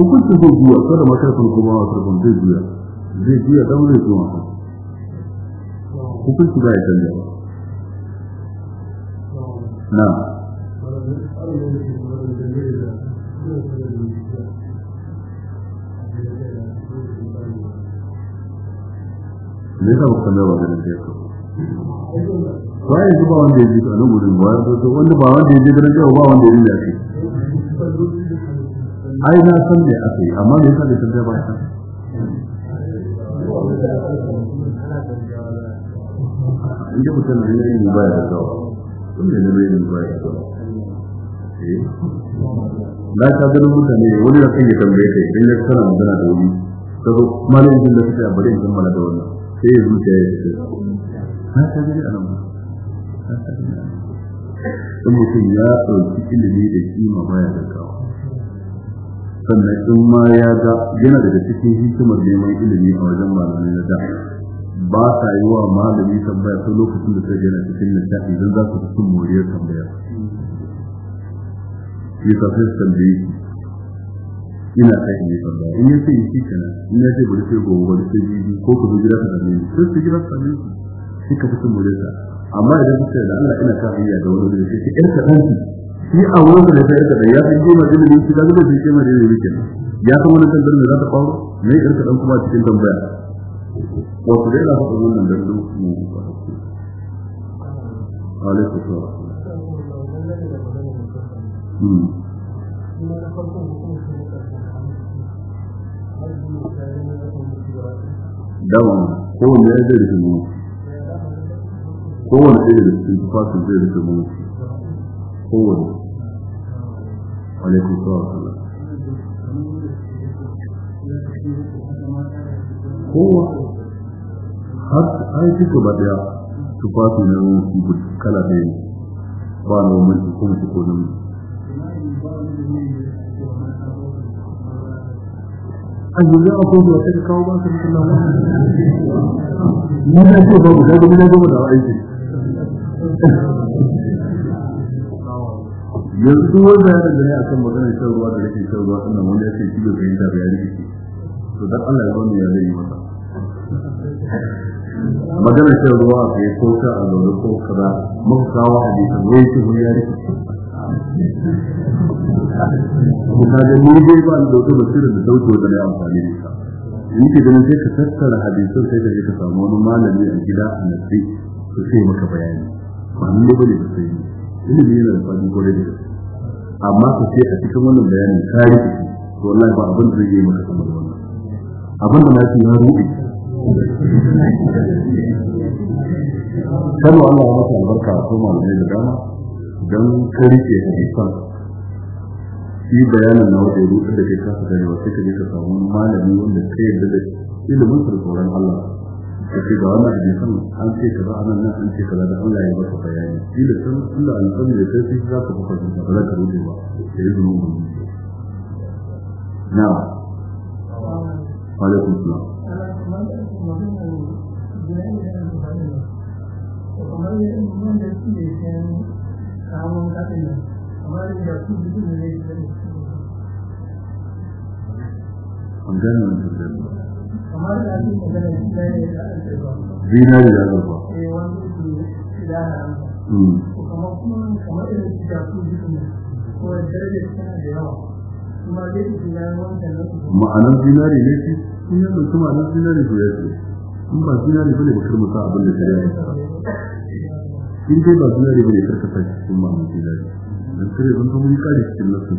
[SPEAKER 1] hukuncin zai juya ko da kuma zai zai dan zai ba ya ba na ba ba wanda ya ji a nan gudun ba ya zo wanda ba wanda ya ji ganin ba wanda ya ji da shi ai na san me aka yi amma me yasa da tambaya ba ta
[SPEAKER 2] inda mutum ne ne ba ya da
[SPEAKER 1] kun ne ne ba ya da eh? na ta mutum ne wani na kai ya tambaye kai idan ya sana da da wani sabo malamin jin da suke a bare kuma kammala da wannan sai ya zuciya ya ce
[SPEAKER 2] na ta gani a ba ta gani a nan
[SPEAKER 1] in mutum ya ɗauki ilimi da kima baya da kawo sannan in ma ya ga yana daga cikin hikimar neman ilimi a wajen malamai na da ba sa yi wa malami tambaya sai lokacin da sai yana cikin nishaɗi don za su fi moriyar tambaya Yasa sai su tambaye ina kai ne tambaya in ya ce yi shi kana in ya ce bari sai gobe bari sai bibi ko ku zo gida ka tambaye ni sai su gida ka tambaye ni sai ka fi moriyar amma idan kuka da Allah ina ta hanya da wani da shi ɗan kaɗan shi a wurin da ta yarda da ya san kima da ne da zai shi kima da ne yake ya san wani tantar da za ta faru mai ɗan kaɗan kuma cikin tambaya wato dai na faɗa wannan da su mu
[SPEAKER 2] alaikum salam hmm.
[SPEAKER 1] dawa ko ne da rikin kowane ɗaya da cikin tufafin zai rufe mulki kowane alaikun sawa kowa har ai fito ba ɗaya tufafi na mulki kala ɗaya ba na mulki ko mulki ko
[SPEAKER 2] an yanzu a kawo ba na wani. ce ba mu ga gumi aiki. yanzu wanda ya da ne
[SPEAKER 1] akan magana shan ruwa da rashin shan ruwa sannan wanda ya ce shi da fahimta ba da rikici to dan Allah ya wani ya zai yi masa magana shan ruwa a kai ko sha a zaune ko kaza muka kawo hadisin wani ki ya rikici
[SPEAKER 2] ko ka
[SPEAKER 1] da ni dai ba da wata basira da dauke wata da amfani da ita in ki ganin sai ka tattara hadisin sai ka je ka samu wani malami a gida a nasi to sai maka bayani ba nan da bane da sai ilimi yana da fadin kore da amma ka ce a cikin wannan bayanin ka rike to wallahi ba abin da zai yi maka kamar wannan abin da na fi
[SPEAKER 2] ya rubi kano
[SPEAKER 1] Allah ya maka albarka a kuma malamai da dama don ka rike hadisan shi bayanin na wajen rufe da ke kasa ganewa sai ka je ka samu malami wanda ka yarda da ilimin sarkoran Allah da ce ga wannan hadisan an ce ka ba nan an ce ka da Allah ya baka bayani shi da san Allah alƙawari da sai shi za ka baka da ba za ka rubuta ba sai zuwa mun na alaikum salam an gane wannan
[SPEAKER 2] zinari da azurfa eh, hmm. ma'anar zinari ne yi mutum
[SPEAKER 1] ma'anar zinari ko ya ce in ba zinari ba kar abin da ta yi in dai ba zinari cikin ma'anar zinari kare ban kare cikin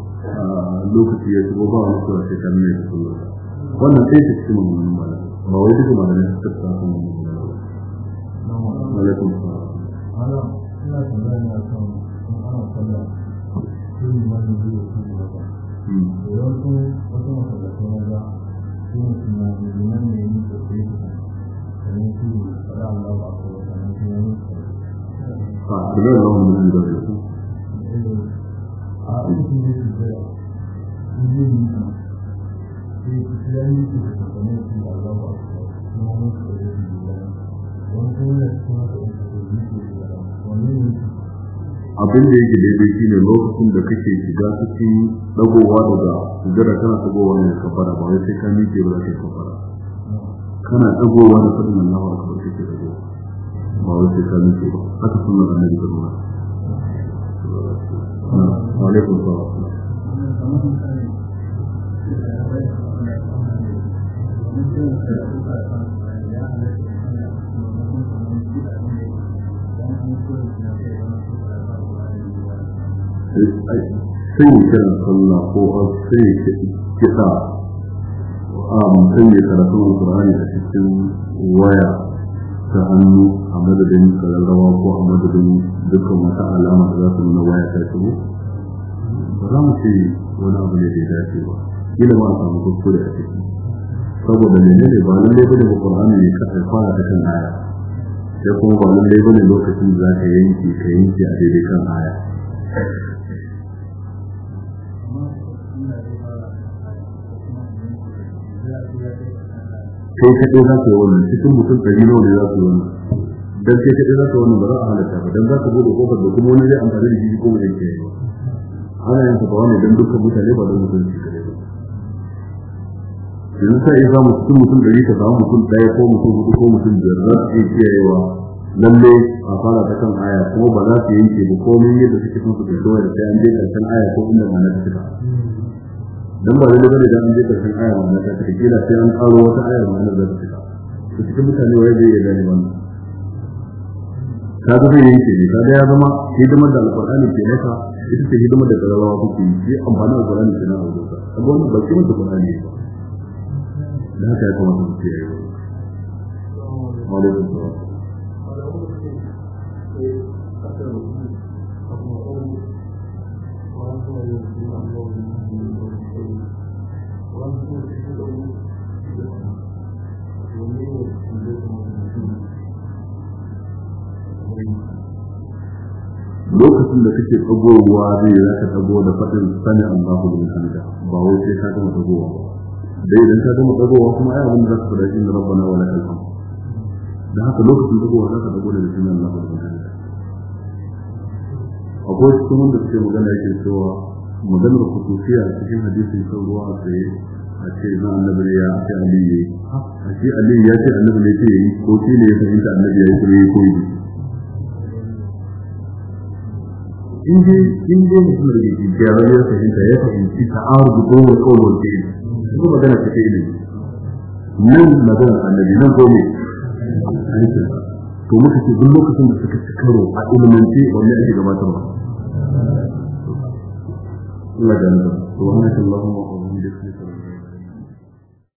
[SPEAKER 1] lokaci ya shigo ba wani kawai sai kan mai su wannan sai ta cikin mummunan
[SPEAKER 2] ba wai duka ba da suka sa kan mummunan bala ba hmm. salam na kan in ana da
[SPEAKER 1] su wani abin da yake daidai shi ne lokacin da kake shiga cikin dagowa daga sujada kana dagowa ne kafara ba wai sai ka miƙe ba sai kafara kana dagowa da fadin Allahu akbar kake dagowa ba wai sai ka miƙe ba haka sunan annabi sallallahu
[SPEAKER 2] alaihi
[SPEAKER 1] wa alaikum salam
[SPEAKER 2] sai
[SPEAKER 1] kiran sallah ko a sai kisa a mutum ya karatu Qur'ani a cikin waya ta hannu a madadin kararrawa ko a madadin dukkan wata alama da za su nuna waya ta ce ba za mu ce wani abu ne da ya dace ba kila ba a samu kuskure a ciki saboda ne ba lallai bane ba Qur'ani ne ka fara ta kan aya sai kuma ba lallai bane lokacin da za ka
[SPEAKER 2] yanke ka yanke a daidai kan aya sai ka dai za ka yi wannan cikin mutum
[SPEAKER 1] ɗari nawa ne za ka yi wannan dan sai ka dai za ka yi wannan ba za a halatta ba dan za ka bude kofar da kuma wani zai amfani da shi ko wani ke yi ba. ana yin fatawa ne dan dukkan mutane ba don mutum shi kadai ba yanzu sai za mu cikin mutum ɗari ka samu mutum ɗaya ko mutum huɗu ko mutum biyar za su iya kiyayewa lalle a fara ta kan aya kuma ba za su yanke ba komai yadda suke son su da sai an je karshen aya ko inda ma na suka dan ba lalle bane dan an je karshen aya wannan ta ta kila sai an karo wata aya wannan da take ta cikin mutane waye zai iya gane wannan kaga zai yanke ne kaga ya zama hidimar da alqur'ani ke maka ita ce hidimar da karawa kuke yi amfani da alqur'ani ke na wajen ka kaga ba cikin da alqur'ani
[SPEAKER 2] ne da ta ya kamata ku kiyaye wa alaikum
[SPEAKER 1] lokacin da kake tsagowa zai za ka tsago da faɗin sani Allahu da hamida ba wai sai ka gama tsagowa ba dai idan ka gama tsagowa kuma ai abin da za ka fada shi ne rabbana wani kalham da haka lokacin tsagowa za ka tsago da sani Allahu bin hamida akwai cikin wanda suke magana yake cewa maganar kutufiya cikin hadisin kan ruwa a tsaye a ce na annabi ya ce aliyu a ce aliyu ya ce annabi ne ce yi ko shi ne ya fahimta annabi ya yi kuma ya koyi in dai in dai mutum da yake gyararriyar fahimta ya fahimci ta'arudu ko wani kawai wani fi'ili ko magana ta fi'ili nan magana annabi nan ko to muka ce duk lokacin da suka ci karo a
[SPEAKER 2] ilimance wanne ake gabatarwa Allah ya nuna subhanallahi wa